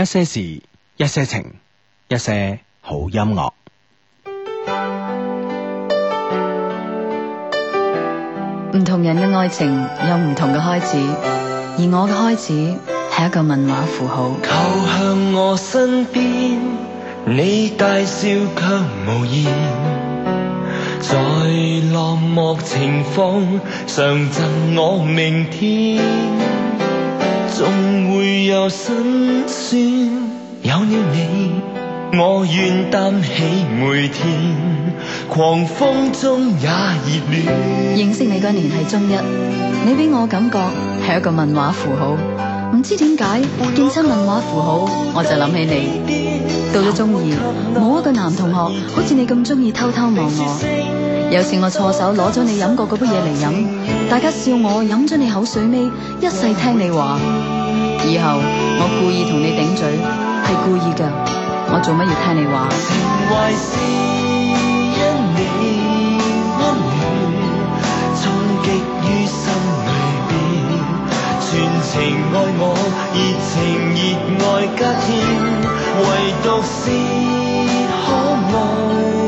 一些事，一些情，一些好音樂。唔同人嘅愛情有唔同嘅開始，而我嘅開始係一個文化符號。靠向我身邊，你大笑卻無言，在落寞情風上贈我明天。會有，辛酸有你，我願擔起每天狂風中也熱戀。認識你嗰年係中一，你俾我感覺係一個問號符號，唔知點解見親問號符號，我就諗起你。到咗中二，冇一個男同學好似你咁中意偷偷望我。有時我錯手攞咗你飲過嗰杯嘢嚟飲，大家笑我飲咗你口水尾，一世聽你話。以後我故意同你頂嘴，係故意㗎，我做乜要聽你話？情懷是因你溫暖，衝擊於心裏邊，全情愛我，熱情熱愛加添，唯獨是可愛。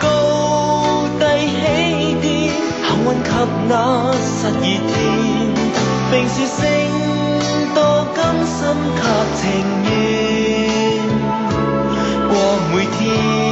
高低起跌，幸運及那失意天，並説聲多甘心及情願過每天。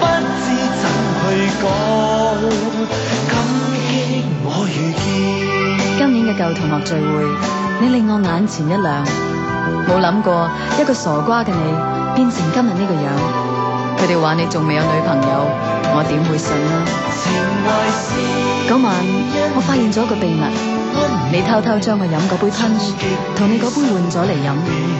不知怎去講。今年嘅舊同學聚會，你令我眼前一亮。冇諗過一個傻瓜嘅你，變成今日呢個樣。佢哋話你仲未有女朋友，我點會信呢？嗰晚我發現咗個秘密，你偷偷將我飲嗰杯噴，同你嗰杯換咗嚟飲。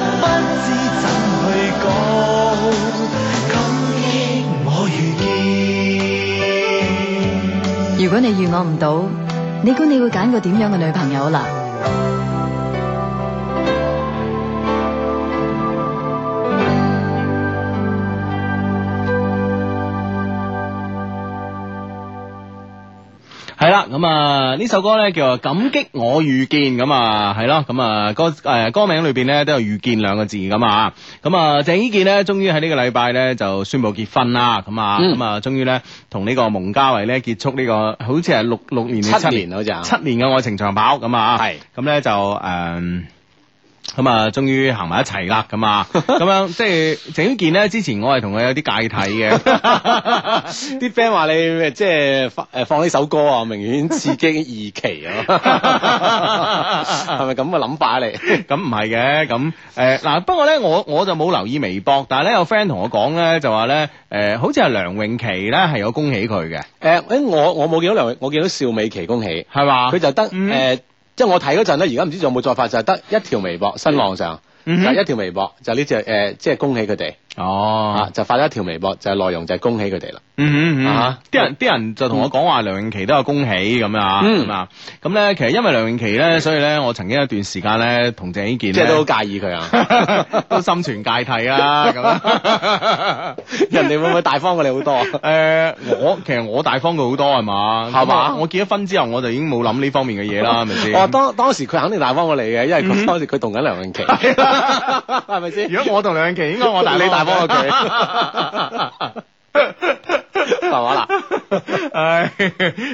不知怎去講感激我如果你遇我唔到，你估你會揀個點樣嘅女朋友啦？咁啊，呢、嗯、首歌咧叫做《感激我遇見》。咁啊係咯，咁啊歌誒、呃、歌名裏邊咧都有遇見」兩個字咁啊，咁啊鄭伊健咧終於喺呢個禮拜咧就宣布結婚啦，咁啊咁啊終於咧同呢個蒙嘉慧咧結束呢、這個好似係六六年七年好似啊七年嘅愛情長跑咁啊，係咁咧就誒。嗯咁啊，終於行埋一齊啦！咁啊，咁樣即係鄭伊健咧。之前我係同佢有啲芥蒂嘅，啲 friend 話你即係誒放呢首歌啊，明顯刺激二期啊，係咪咁嘅諗法嚟？咁唔係嘅，咁誒嗱。不過咧，我我就冇留意微博，但係咧有 friend 同我講咧，就話咧誒，好似係梁詠琪咧係有恭喜佢嘅。誒誒、呃，我我冇見到梁詠，我見到邵美琪恭喜，係嘛吧？佢就得誒。嗯因為我睇嗰陣咧，而家唔知仲有冇再發，就係、是、得一條微博，新浪上，就、嗯、哼一條微博，就呢只誒，即、呃、係、就是、恭喜佢哋。哦，就發咗一條微博，就係內容就係恭喜佢哋啦。嗯啲人啲人就同我講話梁詠琪都有恭喜咁樣啊，係嘛？咁咧其實因為梁詠琪咧，所以咧我曾經有段時間咧同鄭伊健咧，即係都好介意佢啊，都心存芥蒂啊咁樣。人哋會唔會大方過你好多啊？誒，我其實我大方過好多係嘛，係嘛？我結咗婚之後我就已經冇諗呢方面嘅嘢啦，係咪先？我當當時佢肯定大方過你嘅，因為當時佢動緊梁詠琪，係咪先？如果我同梁詠琪，應該我大方你。幫佢，係嘛啦？ 唉，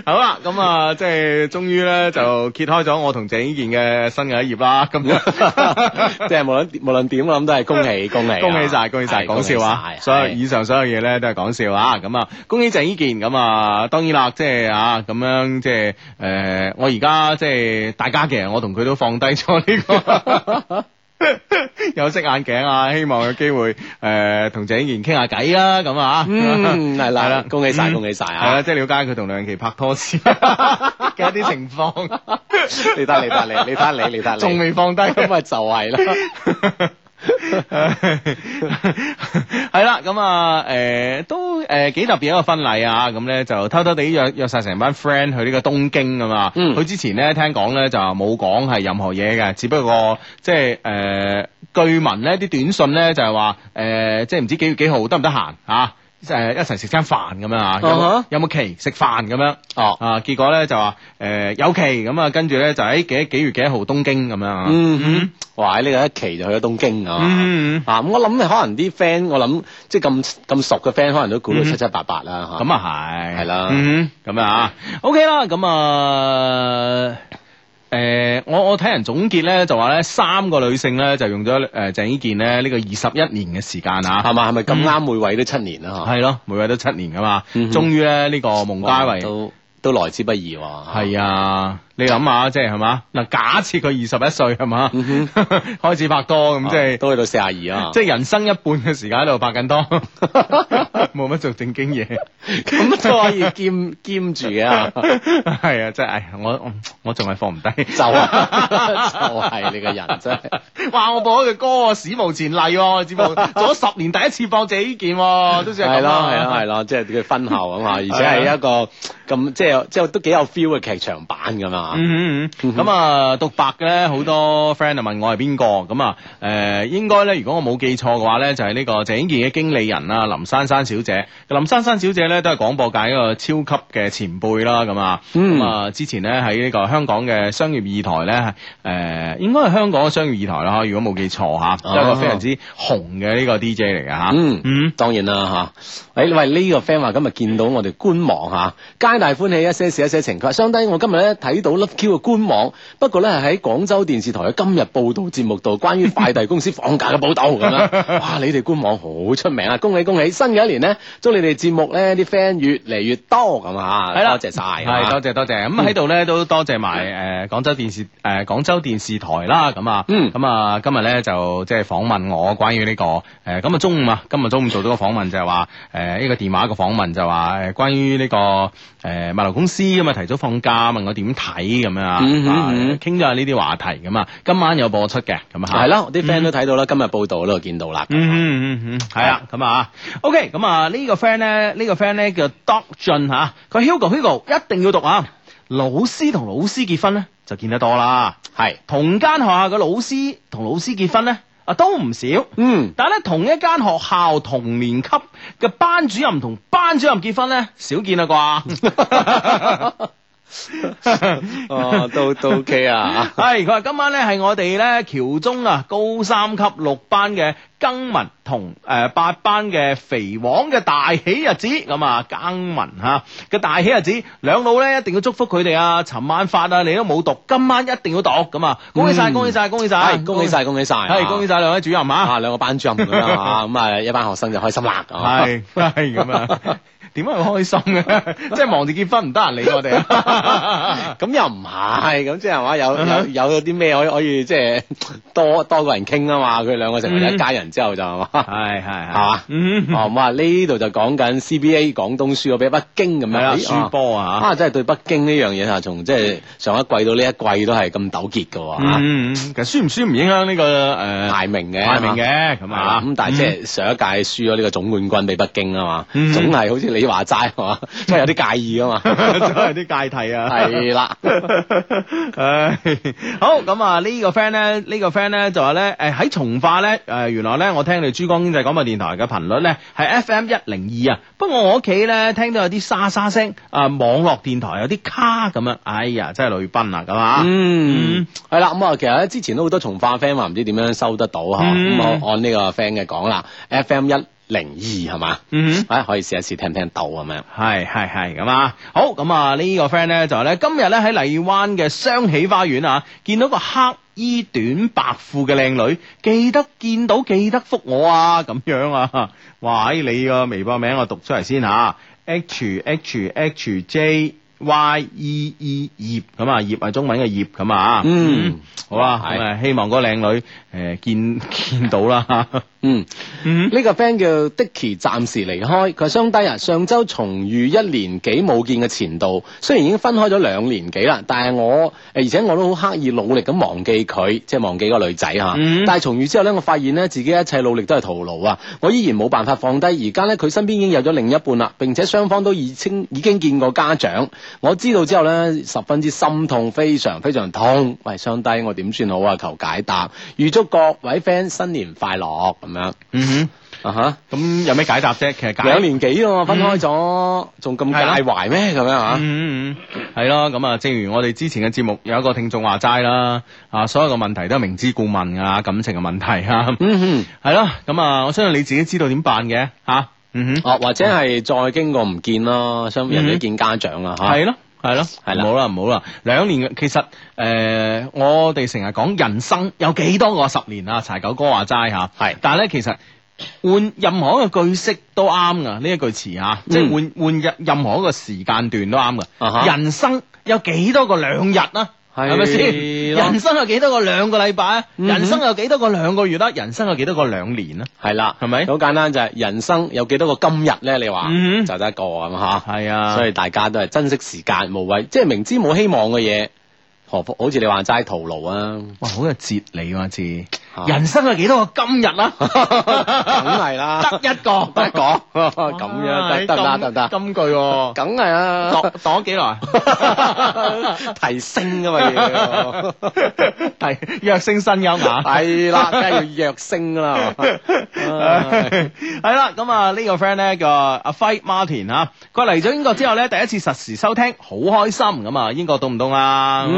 好啦，咁、嗯、啊，即係終於咧就揭開咗我同鄭伊健嘅新嘅一頁啦。咁樣， 即係無論無論點諗都係恭喜恭喜、啊、恭喜晒恭喜晒，講是笑啊！所以以上所有嘢咧都係講笑是啊！咁、嗯、啊，恭喜鄭伊健！咁、嗯、啊，當然啦，即係啊，咁樣即係誒、啊啊，我而家即係、啊、大家嘅，我同佢都放低咗呢個。 有色眼鏡啊，希望有機會誒同鄭穎賢傾下偈啦，咁、呃、啊係啦係啦，恭喜晒恭喜晒啊，即係了解佢同梁詠琪拍拖時嘅一啲情況。你得你得你，你得你你得你，仲未放低咁咪就係啦。 係啦，咁 啊，誒、呃，都誒、呃、幾特別一個婚禮啊！咁咧就偷偷地約約晒成班 friend 去呢個東京啊嘛。佢、嗯、之前咧聽講咧就冇講係任何嘢嘅，只不過即係誒據聞，咧啲短信咧就係話誒，即係唔知幾月幾號得唔得閒啊？誒，一齊食餐飯咁樣啊？有冇期？食飯咁樣？哦啊！結果咧就話誒、呃、有期。咁啊，跟住咧就喺幾、哎、幾月幾號東京咁樣啊？嗯哼、嗯，哇！喺呢個一期就去咗東京啊？嗯嗯啊咁，我諗可能啲 friend，我諗即係咁咁熟嘅 friend，可能都估到七七八八啦吓。咁啊係係啦。嗯哼，咁啊，OK 啦。咁啊。誒、呃，我我睇人總結咧，就話咧三個女性咧就用咗誒鄭伊健咧呢、這個二十一年嘅時間啊，係嘛，係咪咁啱每位都七年啊？係咯，每位都七年噶嘛，嗯、哼終於咧呢、這個蒙嘉慧、嗯、都都來之不易喎。係啊。啊的你諗下，即係係嘛？嗱，假設佢二十一歲係嘛，嗯、哼 開始拍多咁拍拖，即係都去到四十二啊！即係人生一半嘅時間喺度拍緊拖，冇乜做正經嘢，咁 都可以兼 兼住嘅啊！係 啊，即係、uh, 我我仲係放唔低 就啊，就係、是、你個人真係。哇！我播咗嘅歌史無前例喎！節目做咗十年第一次放自己健喎，都成係咯，係啊，係咯， 即係佢婚後啊嘛，而且係一個咁 是的笑的即係即係都幾有 feel 嘅劇場版㗎嘛～、啊嗯咁啊、嗯，嗯、哼讀白嘅咧，好多 friend 啊問我係邊個咁啊？誒、嗯，應該咧，如果我冇記錯嘅話咧，就係、是、呢個鄭欣宜嘅經理人啊，林珊珊小姐。林珊珊小姐咧都係廣播界一個超級嘅前輩啦，咁、嗯、啊，咁啊、嗯，之前咧喺呢個香港嘅商業二台咧，誒、呃，應該係香港嘅商業二台啦，如果冇記錯嚇，係、就是、一個非常之紅嘅呢個 DJ 嚟嘅嚇。嗯、啊、嗯，嗯當然啦嚇。誒、啊，喂，呢、這個 friend 話今日見到我哋官網嚇，皆大歡喜一些事一些情。佢話雙我今日咧睇到。Love Q 嘅官網，不過咧係喺廣州電視台嘅今日報道節目度，關於快遞公司放假嘅報道，咁啊，哇！你哋官網好出名啊，恭喜恭喜！新嘅一年呢，祝你哋節目咧啲 fan 越嚟越多。咁啊，係啦，多謝晒，係多謝多謝咁喺度咧都多謝埋誒廣州電視誒廣州電視台啦，咁啊，嗯，咁啊今日咧就即係訪問我關於呢個誒咁啊中午啊，今日中午做咗個訪問就係話誒一個電話一個訪問就話誒關於呢個誒物流公司咁啊提早放假問我點睇？咦咁樣、mm hmm. 啊，傾咗下呢啲話題咁啊，今晚有播出嘅咁 啊，係啦，我啲 friend 都睇到啦，今日報道都度見到啦，嗯嗯嗯嗯，係啊，咁啊，OK，咁啊呢、這個 friend 咧，呢個 friend 咧叫 Doctor 俊吓，佢 Hugo Hugo 一定要讀啊，老師同老師結婚咧就見得多啦，係是同間學校嘅老師同老師結婚咧啊都唔少，嗯，但係咧同一間學校同年級嘅班主任同班主任結婚咧少見啦啩。 哦，都都 OK 啊！係，佢話今晚咧係我哋咧僑中啊，高三級六班嘅更文同誒八班嘅肥王嘅大喜日子，咁啊更文吓嘅大喜日子，兩老咧一定要祝福佢哋啊！尋晚發啊，你都冇讀，今晚一定要讀咁啊！恭喜晒，恭喜晒，恭喜晒，係恭喜晒，恭喜晒，係恭喜晒，兩位主任嘛，啊兩個班主任咁啊，咁啊一班學生就開心啦，係係咁啊。點解咁開心嘅？即係忙住結婚唔得閒理我哋，咁又唔係咁即係話有有有啲咩可可以即係多多個人傾啊嘛？佢兩個成為一家人之後就係嘛？係係係嘛？哦咁啊！呢度就講緊 CBA 廣東輸咗俾北京咁樣輸波啊！啊，真係對北京呢樣嘢嚇，從即係上一季到呢一季都係咁糾結嘅喎。其實輸唔輸唔影響呢個誒排名嘅，排名嘅咁啊咁，但係即係上一屆輸咗呢個總冠軍俾北京啊嘛，總係好似你。話齋係嘛，即係 有啲介意嘛 介啊嘛 對啦， 真係有啲芥蒂啊。係、這、啦、個，誒，好咁啊，呢個 friend 咧，呢個 friend 咧就話咧，誒喺從化咧，誒原來咧我聽你珠江經濟廣播電台嘅頻率咧係 F M 一零二啊，不過我屋企咧聽到有啲沙沙聲，誒、呃、網絡電台有啲卡咁啊，哎呀真係淚奔啊咁啊，嗯係啦，咁啊、嗯、其實咧之前都好多從化 friend 話唔知點樣收得到嗬，咁我、嗯嗯、按呢個 friend 嘅講啦，F M 一。零二係嘛？嗯，哎，可以試一試聽唔聽到咁樣？係係係咁啊！好咁啊，呢個 friend 咧就係咧今日咧喺荔灣嘅雙喜花園啊，見到個黑衣短白褲嘅靚女，記得見到記得復我啊！咁樣啊，哇！哎，你個微博名我讀出嚟先吓，H H H J Y E E 葉咁啊，葉係中文嘅葉咁啊，嗯，好啊，咁啊，希望嗰個靚女。誒，見見到啦， 嗯，呢、嗯、個 friend 叫 Dicky，暫時離開，佢係雙低啊。上周重遇一年幾冇見嘅前度，雖然已經分開咗兩年幾啦，但係我而且我都好刻意努力咁忘記佢，即係忘記個女仔吓。啊嗯、但係重遇之後呢，我發現呢，自己一切努力都係徒勞啊！我依然冇辦法放低，而家呢，佢身邊已經有咗另一半啦，並且雙方都已經已經見過家長。我知道之後呢，十分之心痛，非常非常痛。喂，雙低，我點算好啊？求解答。預祝。各位 friend 新年快樂咁樣，嗯哼，啊吓，咁有咩解答啫？其實兩年幾啊，分開咗，仲咁介懷咩？咁樣嚇，嗯嗯，係咯，咁啊，正如我哋之前嘅節目有一個聽眾話齋啦，啊，所有嘅問題都係明知故問啊，感情嘅問題嚇，嗯哼，係咯， 咁啊，我相信你自己知道點辦嘅嚇、啊，嗯哼，哦、啊，或者係再經過唔見咯，相人哋見家長啊嚇，係咯。係咯，好啦，好啦，兩年其實誒、呃，我哋成日講人生有幾多個十年啊？柴九哥話齋吓，係的，但係咧其實換任何嘅句式都啱噶，呢一句詞吓，嗯、即係換換任任何一個時間段都啱噶。啊、哈人生有幾多個兩日啊？係咪先？人生有幾多個兩個禮拜啊？人生有幾多個兩個月啦？人生有幾多個兩年啊？係啦，係咪？好簡單就係，人生有幾多個今日咧？你話、嗯、哼就得一個咁吓，係啊。所以大家都係珍惜時間，無謂即係明知冇希望嘅嘢何福好似你話齋屠奴啊！哇，好有哲理啊。似人生有幾多個今日啊，梗 係 啦，得一個得 一個咁 樣得唔得？得得金句喎，梗係啊，躲躲幾耐？啊、 提升啊的嘛，要 躍星新優雅，係啦，梗係要躍升 啦，係啦。咁啊，呢個 friend 咧，個阿 Fate Martin 嚇，佢嚟咗英國之後咧，第一次實時收聽，好開心咁啊！英國凍唔凍啊？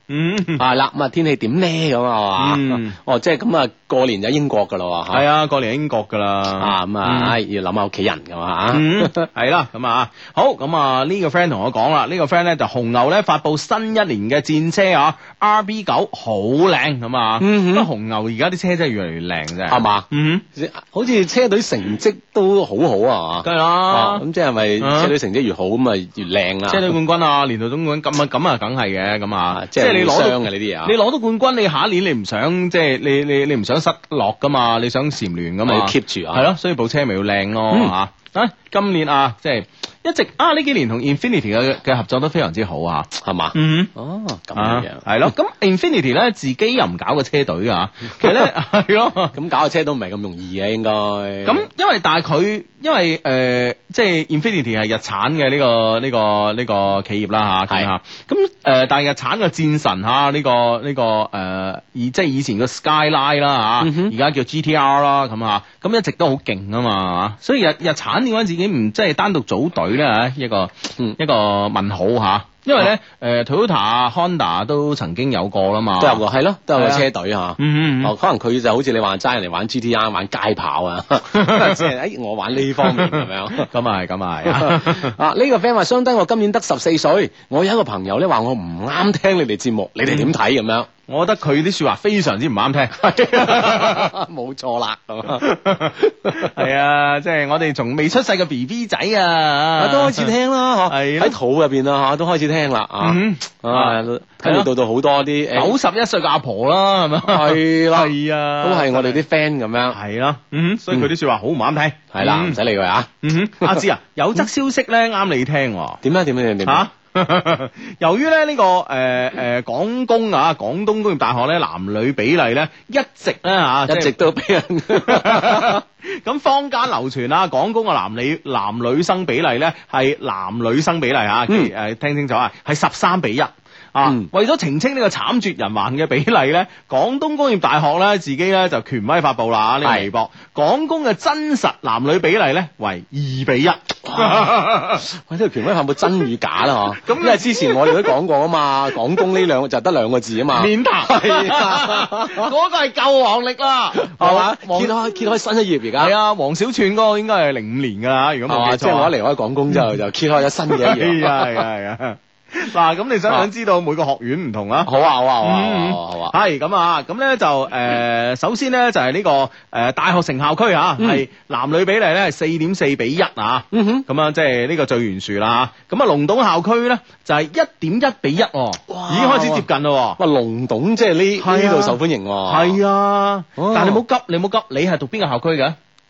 嗯，係啦，咁啊天氣點呢？咁啊嘛，哦，即係咁啊過年就英國噶啦，係啊，過年英國噶啦，咁啊，要諗下屋企人噶嘛，係啦，咁啊，好，咁啊呢個 friend 同我講啦，呢個 friend 咧就紅牛咧發布新一年嘅戰車啊，RB 九好靚咁啊，紅牛而家啲車真係越嚟越靚啫，係嘛，嗯，好似車隊成績都好好啊，梗係啦，咁即係咪車隊成績越好咁啊越靚啊？車隊冠軍啊，年度總冠軍咁啊咁啊梗係嘅，咁啊即係。攞嘅呢啲嘢，你攞到冠軍，你下一年你唔想即係你你你唔想失落噶嘛，你想蟬聯噶嘛，你要 keep 住啊，係咯、啊，所以部車咪要靚咯，嚇啊！嗯啊今年啊，即、就、係、是、一直啊呢幾年同 Infiniti 嘅嘅合作都非常之好、mm hmm. 哦、啊，係嘛？嗯，哦咁樣樣，係咯。咁 Infiniti 咧自己又唔搞個車隊啊，其實咧係咯，咁搞個車都唔係咁容易嘅應該。咁因為但係佢因為誒即、呃、係、就是、Infiniti 係日產嘅呢、這個呢、這個呢、這個企業啦吓，係、啊、嚇。咁誒是、嗯、但係日產嘅戰神吓呢、啊這個呢、這個誒以、這個呃、即係以前個 Skyline 啦、啊、吓，而家叫 GTR 啦咁吓，咁一直都好勁啊嘛，所以日日產點樣自你唔即係單獨組隊咧一個、嗯、一個問號吓，因為咧誒、啊呃、Toyota、Honda 都曾經有過啦嘛都，都有個係咯，都有個車隊吓，哦，可能佢就好似你話齋人嚟玩 GTR 玩街跑啊，即係誒，我玩呢方面咁 樣，咁啊咁啊啊，呢、這個 friend 話相對我今年得十四歲，我有一個朋友咧話我唔啱聽你哋節目，你哋點睇咁樣？我覺得佢啲說話非常之唔啱聽，冇錯啦，係啊，即係我哋從未出世嘅 B B 仔啊，都開始聽啦，嗬，喺肚入邊啦，吓都開始聽啦，啊，啊，跟住到到好多啲九十一歲嘅阿婆啦，係咪？係啦，係啊，都係我哋啲 friend 咁樣，係啦，嗯，所以佢啲說話好唔啱聽，係啦，唔使理佢啊，阿芝啊，有則消息咧啱你聽，點樣？點樣？點？ 由於咧呢個誒誒廣工啊廣東工業大學咧男女比例咧一直咧吓，一直、啊、一直都俾人咁 坊間流傳啊廣工嘅男女男女生比例咧係男女生比例吓，誒、啊嗯、聽清楚啊係十三比一。啊！為咗澄清呢個慘絕人寰嘅比例咧，廣東工業大學咧自己咧就權威發布啦呢個微博。廣工嘅真實男女比例咧為二比一。喂，呢個權威有冇真與假啦？咁因為之前我哋都講過啊嘛，廣工呢兩個就得兩個字啊嘛。免談。嗰個係救王力啦，係嘛？揭開揭開新一頁而家。係啊，黃小串嗰個應該係零五年噶啦，如果冇錯即係我一離開廣工之後就就揭開咗新嘅一頁。係啊係啊。嗱，咁你想唔想知道每個學院唔同、 嗯、 啊？好啊，好啊，好啊，係咁啊，咁咧就誒，首先咧就係呢個誒大學城校區啊，係、嗯、男女比例咧係四點四比一啊，咁啊，即係呢個最懸殊啦。咁、就是、啊龍洞校區咧就係一點一比一哦，已經開始接近咯。哇，龍洞即係呢呢度受歡迎。係啊，啊啊但係你唔好急，你唔好急，你係讀邊個校區嘅？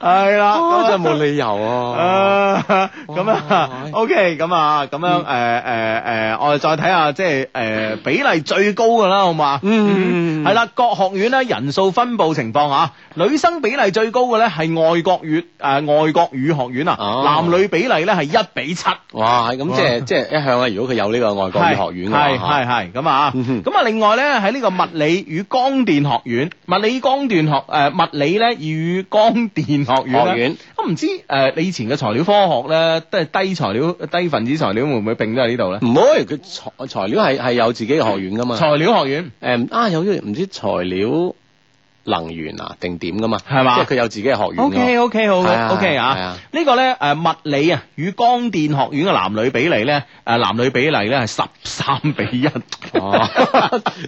係啦，真係冇理由啊！咁啊，OK，咁啊，咁樣誒誒誒，我哋再睇下即係誒比例最高嘅啦，好嘛？嗯，係啦，各學院咧人數分佈情況吓，女生比例最高嘅咧係外國語誒外國語學院啊，男女比例咧係一比七。哇，咁即係即係一向咧，如果佢有呢個外國語學院，係係係咁啊！咁啊，另外咧喺呢個物理與光電學院，物理光電學誒物理咧與光電。建學，學院，我、啊、唔知誒、呃，你以前嘅材料科學咧，都係低材料、低分子材料會會，會唔會併咗喺呢度咧？唔會，佢材材料係係有自己嘅學院噶嘛？材料學院誒、嗯，啊有啲唔知材料。能源啊，定點噶嘛，係嘛？即係佢有自己嘅學院。O K O K，好嘅，O K 啊。呢個咧，誒物理啊，與光電學院嘅男女比例咧，誒男女比例咧係十三比一。哦，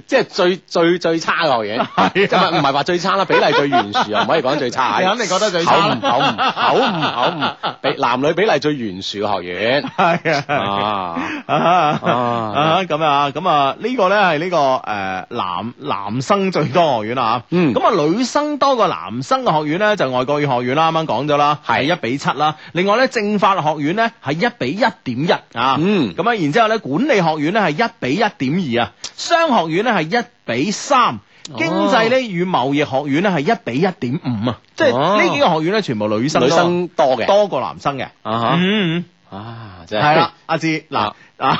即係最最最差嘅學院。係啊，唔係唔係話最差啦，比例最懸殊啊，唔可以講最差。你肯定覺得最差。口唔口唔口唔口男女比例最懸殊嘅學院。係啊。啊咁啊，咁啊，呢個咧係呢個誒男男生最多學院啦，嗯。咁啊。女生多過男生嘅學院呢，就外國語學院啦，啱啱講咗啦，係一比七啦。另外呢，政法學院呢，係一比一點一啊，嗯，咁啊，然之後呢，管理學院呢，係一比一點二啊，商學院呢，係一比三，經濟呢，與貿易學院呢，係一比一點五啊，哦、即係呢幾個學院呢，全部女生多女生多嘅多過男生嘅啊，uh huh. 嗯，啊，真係係啦，阿志嗱。啊啊啊！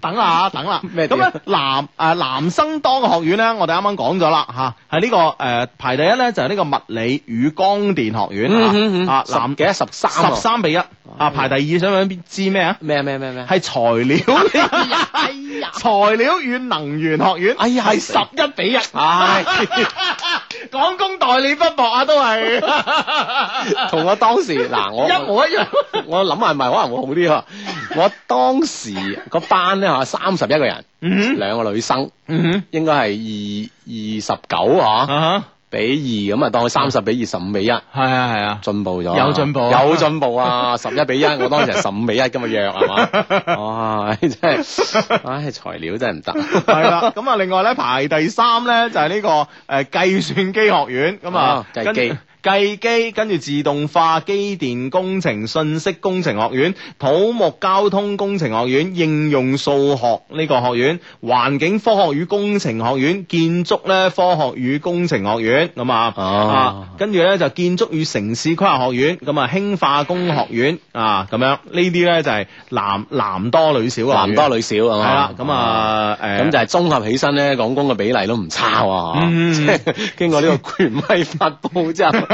等啦，等啦。咩咁咧？男誒男生多嘅學院咧，我哋啱啱講咗啦嚇，係呢個誒排第一咧，就係呢個物理與光電學院嚇，十幾十三十三比一啊！排第二想唔想知咩啊？咩咩咩咩係材料，材料與能源學院。哎呀，係十一比一，廣工代理不薄啊，都係同我當時嗱，我一模一樣。我諗係咪可能會好啲喎，我。當時個班咧吓，三十一個人，兩個女生，應該係二二十九啊。Uh huh. 比二咁啊，當佢三十比二十五比一，uh，係啊係啊，進步咗，有進步，有進步啊，十一比一，我當時係十五比一咁 啊樣係嘛，哇，真係，唉，材料真係唔得，係啦，咁啊，另外咧排第三咧就係呢個誒計算機學院咁啊，計機、 哦。計機跟住自動化、機電工程、信息工程學院、土木交通工程學院、應用數學呢個學院、環境科學與工程學院、建築咧科學與工程學院咁啊，跟住咧就建築與城市規劃學院咁啊，輕化工學院啊咁樣，呢啲咧就係男男多女少啊，男多女少係啦，咁啊誒咁、啊、就係綜合起身咧，廣工嘅比例都唔差，嗯，經過呢個權威發布之後。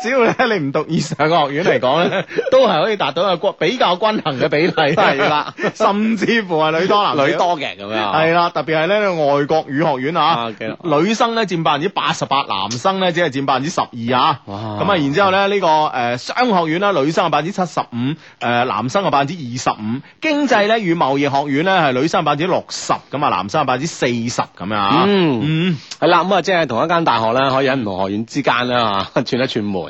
只要咧你唔讀以上嘅學院嚟講咧， 都係可以達到一個比較均衡嘅比例啦。 甚至乎係女多男女，女多嘅咁樣。係啦，特別係呢個外國語學院啊女、這個呃學院，女生咧佔百分之八十八，男生咧只係佔百分之十二啊。咁啊，然之後咧呢個誒商學院啦，女生係百分之七十五，誒男生係百分之二十五。經濟咧與貿易學院咧係女生百分之六十咁啊，男生係百分之四十咁樣啊。嗯嗯，係啦、嗯，咁啊即係同一間大學咧，可以喺唔同學院之間咧啊，串一串門。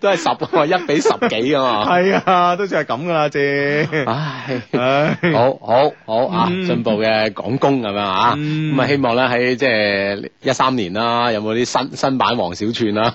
都係十個一比十幾啊嘛，係啊，都算係咁噶啦，啫。唉，好好好啊，進步嘅港工咁樣啊，咁啊，希望咧喺即係一三年啦，有冇啲新新版黃小串啊？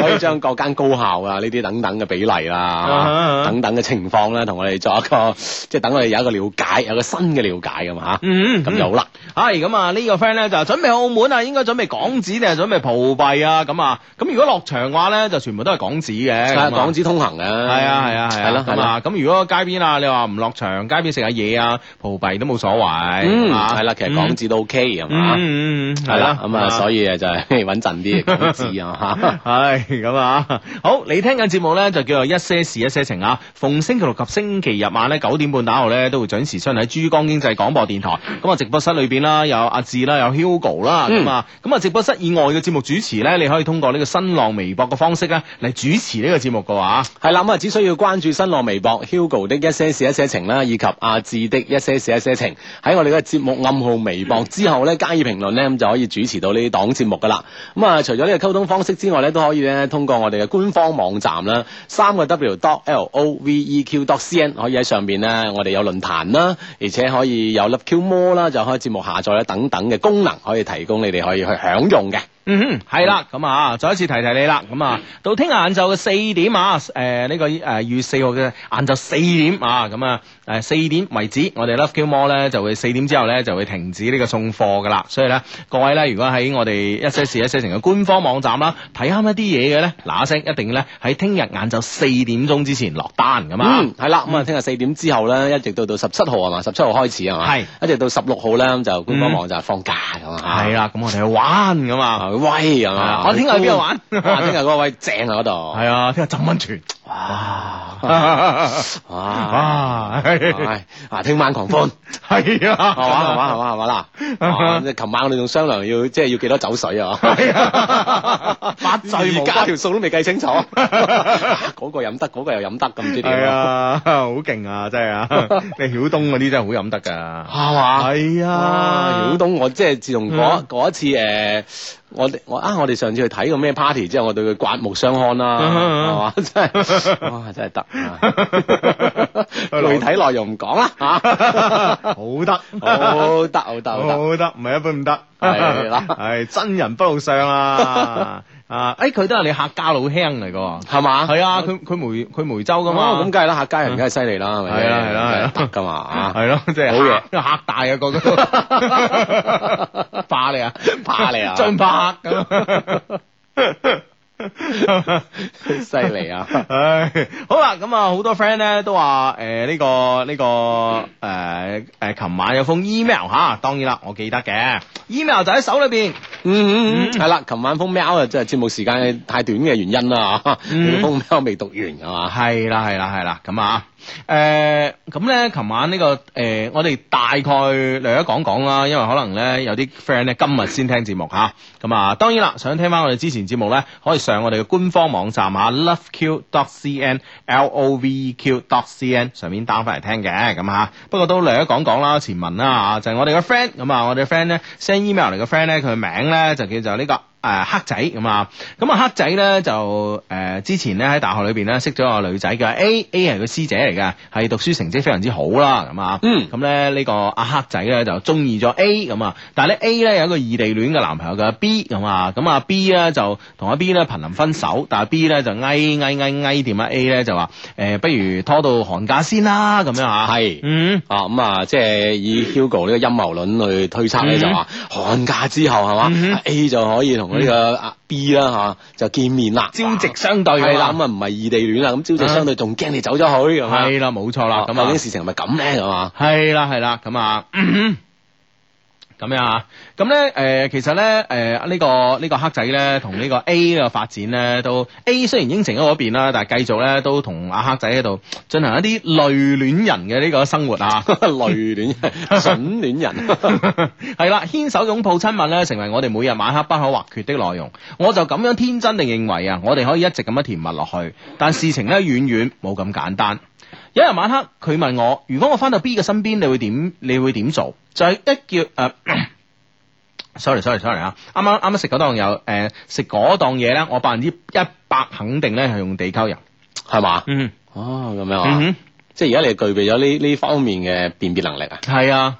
可以將各間高校啊，呢啲等等嘅比例啦，等等嘅情況咧，同我哋作一個即係等我哋有一個了解，有一個新嘅了解咁嘛。嚇。咁就好啦，係咁啊，呢個 friend 咧就準備澳門啊，應該準備港紙定係準備葡幣啊？咁啊，咁如果落場嘅話咧，就全部都係港港紙嘅，港紙通行嘅，係啊係啊係啊，咁啊，咁如果街邊啊，你話唔落場，街邊食下嘢啊，鋪幣都冇所謂，係啦，其實港紙都 OK 係嘛，係啦，咁啊，所以啊，就係穩陣啲港紙啊，吓，係咁啊，好，你聽緊節目咧就叫做一些事一些情啊，逢星期六及星期日晚咧九點半打後咧都會準時出喺珠江經濟廣播電台，咁啊，直播室裏邊啦有阿志啦有 Hugo 啦咁啊，咁啊直播室以外嘅節目主持咧，你可以通過呢個新浪微博嘅方式咧嚟。主持呢個節目嘅話，係啦，咁 啊只需要關注新浪微博 Hugo 的一些事一些情啦，S S, 以及阿志的一些事一些情，喺我哋嘅節目暗號微博之後咧，加以評論咧咁就可以主持到呢檔節目噶啦。咁啊，除咗呢個溝通方式之外咧，都可以咧通過我哋嘅官方網站啦，三個 W dot L O V E Q dot C N 可以喺上邊咧，我哋有論壇啦，而且可以有 Love Q More 啦，就可以節目下載啦等等嘅功能可以提供你哋可以去享用嘅。嗯哼，係啦，咁啊，再一次提提你啦，咁、呃這個呃、啊，到聽日晏晝嘅四點啊，誒呢個誒二月四號嘅晏晝四點啊，咁啊誒四點為止，我哋 Love Kill More 咧就會四點之後咧就會停止呢個送貨噶啦，所以咧各位咧如果喺我哋一些事一些情嘅官方網站啦睇啱一啲嘢嘅咧，嗱一聲一定咧喺聽日晏晝四點鐘之前落單噶嘛，係啦、嗯，咁啊聽日四點之後咧，一直到到十七號係嘛，十七號開始啊，係是，一直到十六號咧就官方網站放假噶嘛，係啦、嗯，咁我哋去玩噶嘛。喂係嘛？我聽日去邊度玩？我聽日嗰個位正啊，嗰度係啊，聽日浸溫泉。啊啊啊啊！聽晚狂歡，係啊，係嘛，係嘛，係嘛，係嘛啦！啊，琴晚我哋仲商量要，即係要幾多酒水啊？係啊，八醉無價，條數都未計清楚。嗰個飲得，嗰個又飲得咁啲嘢。啊，好勁啊，真係啊！你曉東嗰啲真係好飲得噶，係嘛？係啊，曉東我即係自從嗰一次誒，我我啊，我哋上次去睇個咩 party 之後，我對佢刮目相看啦，係嘛？真係。哇！真係得，具體內容唔講啦吓，好得，好得，好得，好得，唔係一般唔得，係啦，係真人不露相啊！啊，誒，佢都係你客家老鄉嚟噶，係嘛？係啊，佢佢梅佢梅州噶嘛？咁梗係啦，客家人梗係犀利啦，係咪？係啦係啦係啦，得噶嘛？係咯，即係客大啊，嗰個霸嚟啊，霸嚟啊，張霸咁。犀利 害啊！ 唉，好啦，咁啊，好多 friend 咧都話，誒、呃，呢、這個呢、這個誒誒，琴、呃呃、晚有封 email 吓，當然啦，我記得嘅 email 就喺手裏邊，嗯嗯嗯，係、嗯嗯、啦，琴晚封 mail 啊，即係節目時間太短嘅原因啦，嗯、封 mail 未讀完係嘛，係啦係啦係啦，咁啊。誒，咁咧、呃，琴晚呢、這個誒、呃，我哋大概略一講講啦，因為可能咧有啲 friend 咧今日先聽節目吓，咁啊，當然啦，想聽翻我哋之前節目咧，可以上我哋嘅官方網站啊，loveq. dot c n l o v e q. dot c n 上面 down 翻嚟聽嘅，咁吓、啊。不過都略一講講啦，前文啦啊，就係、是、我哋嘅 friend，咁啊，我哋嘅 friend 咧 send email 嚟嘅 friend 咧，佢嘅名咧就叫做呢、這個。誒黑仔咁啊，咁啊黑仔咧就誒、呃、之前咧喺大學裏邊咧識咗個女仔叫 A，A 係個師姐嚟嘅，係讀書成績非常之好啦，咁啊，嗯，咁咧呢個阿黑仔咧就中意咗 A 咁啊，但係咧 A 咧有一個異地戀嘅男朋友叫阿 B 咁啊，咁啊 B 咧就同阿 B 咧瀕臨分手，但係 B 咧就嗌嗌嗌嗌掂啊 A 咧就話誒不如拖到寒假先啦咁樣嚇，係是嗯，嗯啊咁啊即係以 Hugo 呢個陰謀論去推測咧就話寒假之後係嘛、嗯、A 就可以同。我呢個阿 B 啦嚇，就見面啦，朝夕相對係啦，咁啊唔係異地戀啦，咁朝夕相對仲驚你走咗去，係啦，冇錯啦，咁啊呢啲事情係咪咁咧，係嘛？係啦係啦，咁。咁樣啊，咁咧誒，其實咧誒，呢、呃呢個呢、呢個黑仔咧，同呢個 A 嘅發展咧，都 A 雖然應承咗嗰邊啦，但係繼續咧都同阿黑仔喺度進行一啲類戀人嘅呢個生活啊，類 戀人、戀戀 人，係 啦，牽手擁抱親吻咧，成為我哋每日晚黑不可或缺的內容。我就咁樣天真地認為啊，我哋可以一直咁樣甜蜜落去，但事情咧遠遠冇咁簡單。 有日晚黑佢問我，如果我翻到 B 嘅身邊，你會點？你會點做？就係、是、一叫誒，sorry sorry sorry 啊！啱啱啱啱食嗰檔有誒，食嗰檔嘢咧，我百分之一百肯定咧係用地溝油，係嘛吧？嗯哼，啊咁樣即係而家你具備咗呢呢方面嘅辨別能力啊？係啊，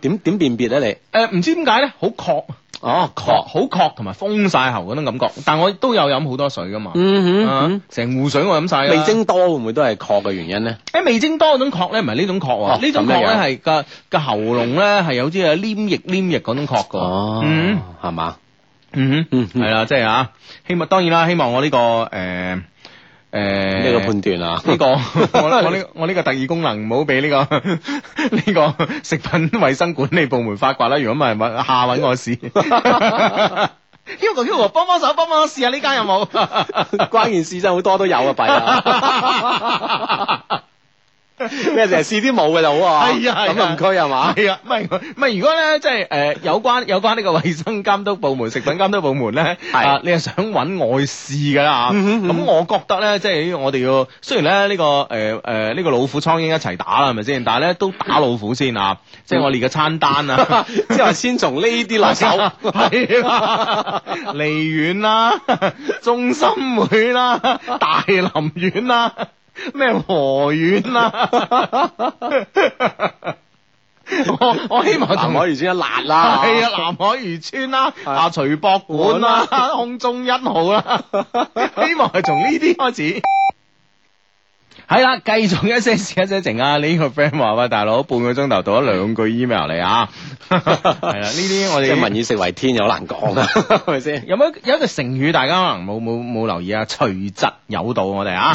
點點辨別咧？你誒，唔、 呃、知點解咧，好確。哦，咳，好咳同埋封晒喉嗰種感覺，但我都有飲好多水噶嘛，嗯哼，成壺、啊、水我飲晒。味精多會唔會都係咳嘅原因咧？誒、欸，味精多嗰種咳咧，唔係、哦、呢種咳喎，呢種咳咧係嗰個喉嚨咧係有啲啊黏液黏液嗰種咳噶，哦，嗯，係嘛，嗯哼，係啦吧，即係啊，希望 當然啦，希望我呢、這個誒。呃誒，呢、嗯、個判斷啊？呢、這個我我呢我呢、這個、個特異功能唔好俾呢個呢、這個食品衛生管理部門發掘啦！如果唔係，下揾我試 Ugo Ugo，幫幫手，幫幫我試下。呢間有冇？關件事真係好多都有啊！弊啊！ 你成日試啲冇嘅就好啊，咁唔拘係嘛？係啊， 唔係唔係？如果咧，即係誒、呃，有關有關呢個衛生監督部門、食品監督部門咧，係、 啊、你係想揾外試嘅啦？咁、 嗯嗯、我覺得咧，即係我哋要，雖然咧呢個誒誒呢個老虎蒼蠅一齊打啦，係咪先？但係咧都打老虎先啊！即係 我哋嘅餐單啊，即係 先從呢啲垃圾入手啊，利苑啦，中心會啦，大林苑啦。咩河苑啊？ 我我希望南海漁村一攔啦。係啊，南海漁村啦，啊， 啊徐博館啦、啊，啊、空中一號啦、啊， 希望係從呢啲開始。係啦，繼續一些事，一些情啊！呢、呢個 friend 話嘛，大佬半個鐘頭讀咗兩句 email 嚟啊！係啦，呢啲我哋即民以食為天，又好難講，係咪先？有冇有一個成語？大家可能冇冇冇留意啊？隨質有道，我哋啊，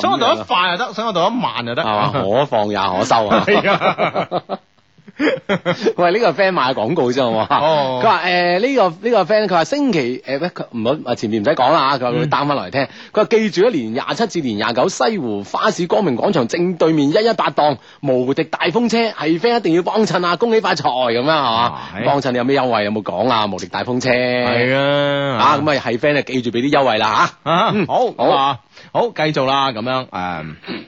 想我讀得快就得，樣想我讀得慢就得，係嘛、 啊？可放也可收啊！ 喂呢個 friend 買廣告啫，好冇？佢話誒呢個呢、這個 friend，佢話星期誒，唔好話前面唔使講啦，佢會 down 翻落嚟聽。佢話、嗯、記住一年廿七至年廿九，西湖花市光明廣場正對面一一八檔無敵大風車係 friend 一定要幫襯啊，恭喜發財咁啦，係、啊、嘛？幫襯、啊、你有咩優惠？有冇講啊？無敵大風車係啊，吓、uh. 咁啊係 friend，記住俾啲優惠啦吓、啊 uh, 啊，好，好,好，好，繼續啦，咁樣誒。Um.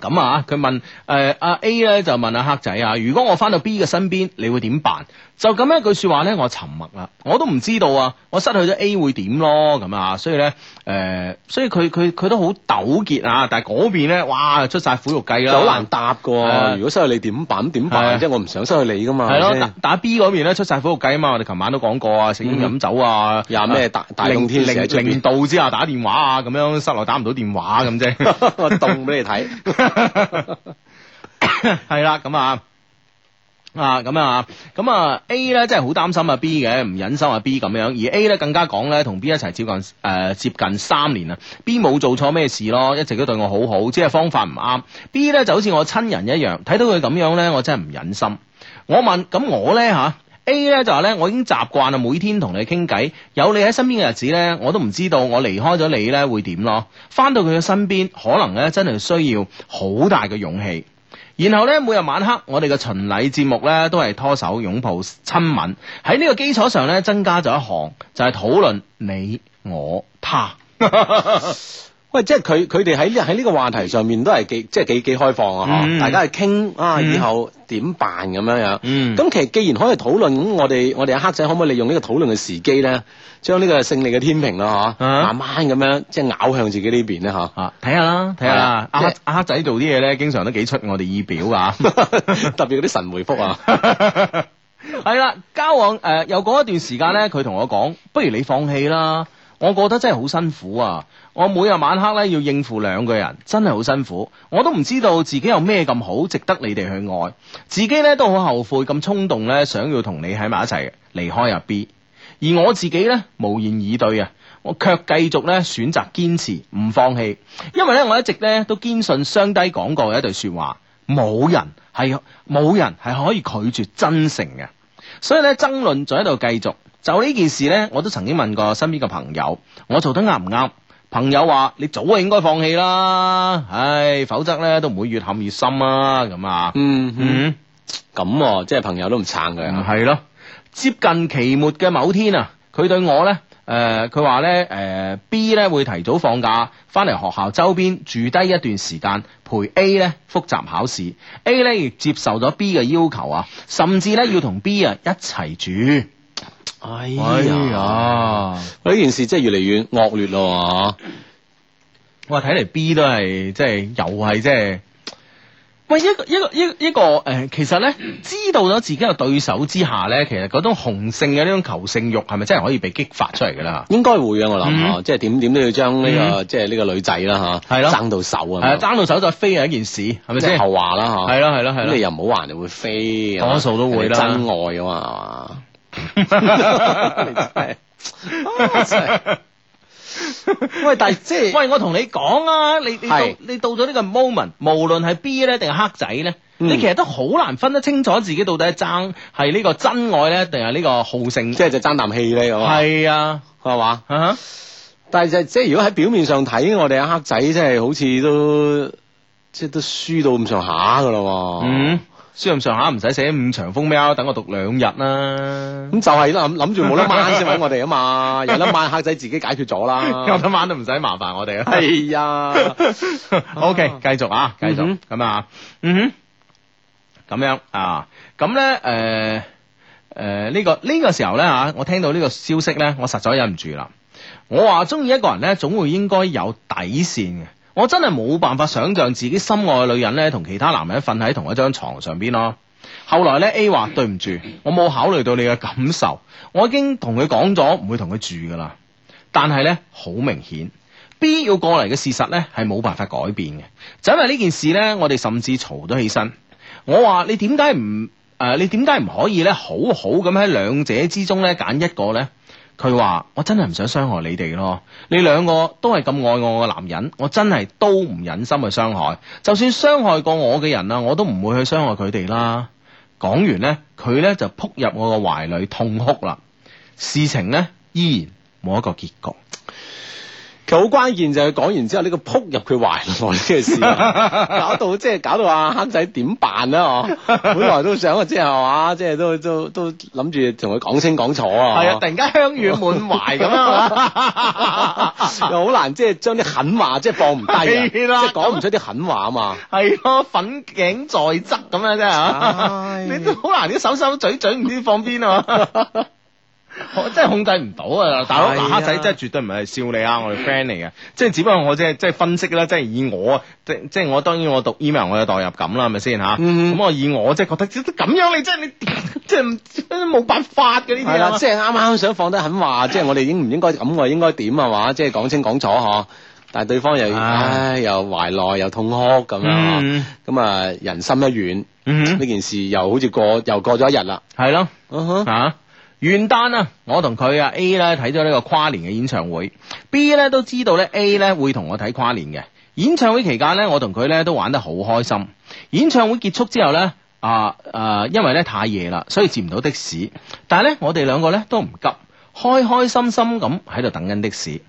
咁啊，佢問誒阿、呃、A 咧就問阿黑仔啊，如果我翻到 B 嘅身邊，你會點辦？就咁樣一句說話咧，我沉默啦。我都唔知道啊，我失去咗 A 會點咯。咁啊，所以咧，誒，所以佢佢佢都好糾結啊。但係嗰邊咧，哇，出晒苦肉計啦，好難答噶。如果失去你點辦？咁點辦？即係我唔想失去你噶嘛。係咯，打 B 嗰邊咧出晒苦肉計啊嘛。我哋琴晚都講過啊，食煙飲酒啊，又咩大大冬天時出面度之下打電話啊，咁樣室內打唔到電話咁啫，凍俾你睇。係啦，咁啊。啊，咁啊，咁啊，A 咧真係好擔心啊 B 嘅，唔忍心啊 B 咁樣，而 A 咧更加講咧，同 B 一齊接近誒、呃、接近三年啦，B 冇做錯咩事咯，一直都對我好好，只係方法唔啱。B 咧就好似我親人一樣，睇到佢咁樣咧，我真係唔忍心。我問咁我咧嚇，A 咧就話咧，我已經習慣啦，每天同你傾偈，有你喺身邊嘅日子咧，我都唔知道我離開咗你咧會點咯。翻到佢嘅身邊，可能咧真係需要好大嘅勇氣。然後咧，每日晚黑，我哋嘅巡禮節目咧，都係拖手、擁抱親、親吻。喺呢個基礎上咧，增加咗一項就係、是、討論你、我、他。 喂，即係佢佢哋喺喺呢個話題上面都係幾即係幾幾開放啊！嗬，大家係傾啊，以後點辦咁樣樣？嗯，咁其實既然可以討論，咁我哋我哋阿黑仔可唔可以利用呢個討論嘅時機咧，將呢個勝利嘅天平咯，嗬、啊，慢慢咁樣即係咬向自己呢邊咧，嗬？啊，睇下啦，睇下阿阿黑仔做啲嘢咧，經常都幾出我哋意表啊，嗯、 特別嗰啲神回覆啊，係啦，交往誒，又過一段時間咧，佢同我講，不如你放棄啦。我覺得真係好辛苦啊！我每日晚黑咧要應付兩個人，真係好辛苦。我都唔知道自己有咩咁好，值得你哋去愛。自己咧都好後悔咁衝動咧，想要同你喺埋一齊嘅，離開阿 B。而我自己咧無言以對啊，我卻繼續咧選擇堅持唔放棄，因為咧我一直咧都堅信雙低講過嘅一句說話，冇人係冇人係可以拒絕真誠嘅。所以咧爭論仲喺度繼續。就呢件事呢，我都曾經問過身邊嘅朋友，我做得啱唔啱？朋友話：你早就應該放棄啦，唉，否則呢都唔會越陷越深啊。咁、嗯嗯嗯、啊，嗯嗯，咁即係朋友都唔撐佢啊。係咯，接近期末嘅某天啊，佢對我呢，誒、呃，佢話呢誒、呃、B 呢會提早放假，翻嚟學校周邊住低一段時間陪 A 呢複習考試。A 呢接受咗 B 嘅要求啊，甚至呢要同 B 啊一齊住。哎呀！呢、哎、件事真係越嚟越惡劣咯，我睇嚟 B 都係即係又係即係喂，一個一個一一個誒，其實咧，知道咗自己嘅對手之下咧，其實嗰種雄性嘅呢種求勝欲係咪真係可以被激發出嚟噶啦？應該會啊，我諗啊，hmm? 即係點點都要將呢個即係呢個女仔啦吓，係咯，爭到手啊，爭、mm? 到手再飛係一件事，係咪即係後話啦吓？係咯係咯係咯，你又唔好話人哋會飛，多數都會啦，真愛啊嘛係嘛。 哦、喂，但即係，即係、喂，我同你講啊，你你到是你到咗呢個 moment，無論係 B 咧定係黑仔咧，嗯、你其實都好難分得清楚自己到底爭係呢個真愛咧，定係呢個好勝，即係就爭啖氣咧，咁嘛？係啊，係嘛？ 但係就即、是、係如果喺表面上睇，我哋阿黑仔即係好似都即係、即係、都輸到咁上下噶咯喎。嗯輸咁上下唔使寫五長風喵，等我讀兩日啦。咁 就係諗諗住冇得晚黑先搵我哋啊嘛， 有得晚黑仔自己解決咗啦。 有得晚都唔使麻煩我哋。係啊 O K，繼續啊，繼續。咁啊、mm，嗯哼，咁樣啊。咁咧、啊，誒，誒、呃，呢、呃呢個呢、呢個時候咧，吓，我聽到呢個消息咧，我實在忍唔住啦。我話中意一個人咧，總會應該有底線嘅。我真係冇辦法想象自己心愛嘅女人咧，同其他男人瞓喺同一張床上邊咯。後來咧，A 話對唔住，我冇考慮到你嘅感受，我已經同佢講咗唔會同佢住噶啦。但係咧，好明顯，B 要過嚟嘅事實咧係冇辦法改變嘅。就因為呢件事咧，我哋甚至嘈咗起身。我話你點解唔誒？你點解唔可以咧好好咁喺兩者之中咧揀一個咧？佢話：我真係唔想傷害你哋咯，你兩個都係咁愛我嘅男人，我真係都唔忍心去傷害。就算傷害過我嘅人啊，我都唔會去傷害佢哋啦。講完呢，佢呢就撲入我個懷裏痛哭啦。事情呢，依然冇一個結局。佢好關鍵就係、佢、講完之後呢個撲入佢懷內嘅事， 搞到即係搞到阿、啊、坑仔點辦啊？哦，本來都想啊，即係話即係都都都諗住同佢講清講楚啊！係啊，突然間香軟滿懷咁樣啊，又好難即係將啲狠話即係放唔低，即係講唔出啲狠話啊嘛！係咯、啊，粉頸在側咁樣啫嚇，哎、 你都好難啲手手嘴嘴唔知放邊啊！ 真係控制唔到啊！大佬牙黑仔真係絕對唔係笑你啊，我哋 friend 嚟嘅，即係只不過我即係即係分析啦，即係以我即即係我當然我讀 email 我有代入感啦，係咪先吓？咁我以我即係覺得咁樣你真係你即係冇辦法嘅呢啲啦，即係啱啱想放低狠話，即係我哋應唔應該咁？我應該點啊？嘛，即係講清講楚嗬。但係對方又唉，又懷內又痛哭咁樣，咁啊人心一軟，呢件事又好似過又過咗一日啦。係咯，吓。元旦啊，我同佢啊 A 咧睇咗呢個跨年嘅演唱會，B 咧都知道咧 A 咧會同我睇跨年嘅演唱會期間咧，我同佢咧都玩得好開心。演唱會結束之後咧，啊、呃、誒、呃，因為咧太夜啦，所以接唔到的士。但係咧，我哋兩個咧都唔急，開開心心咁喺度等緊的士。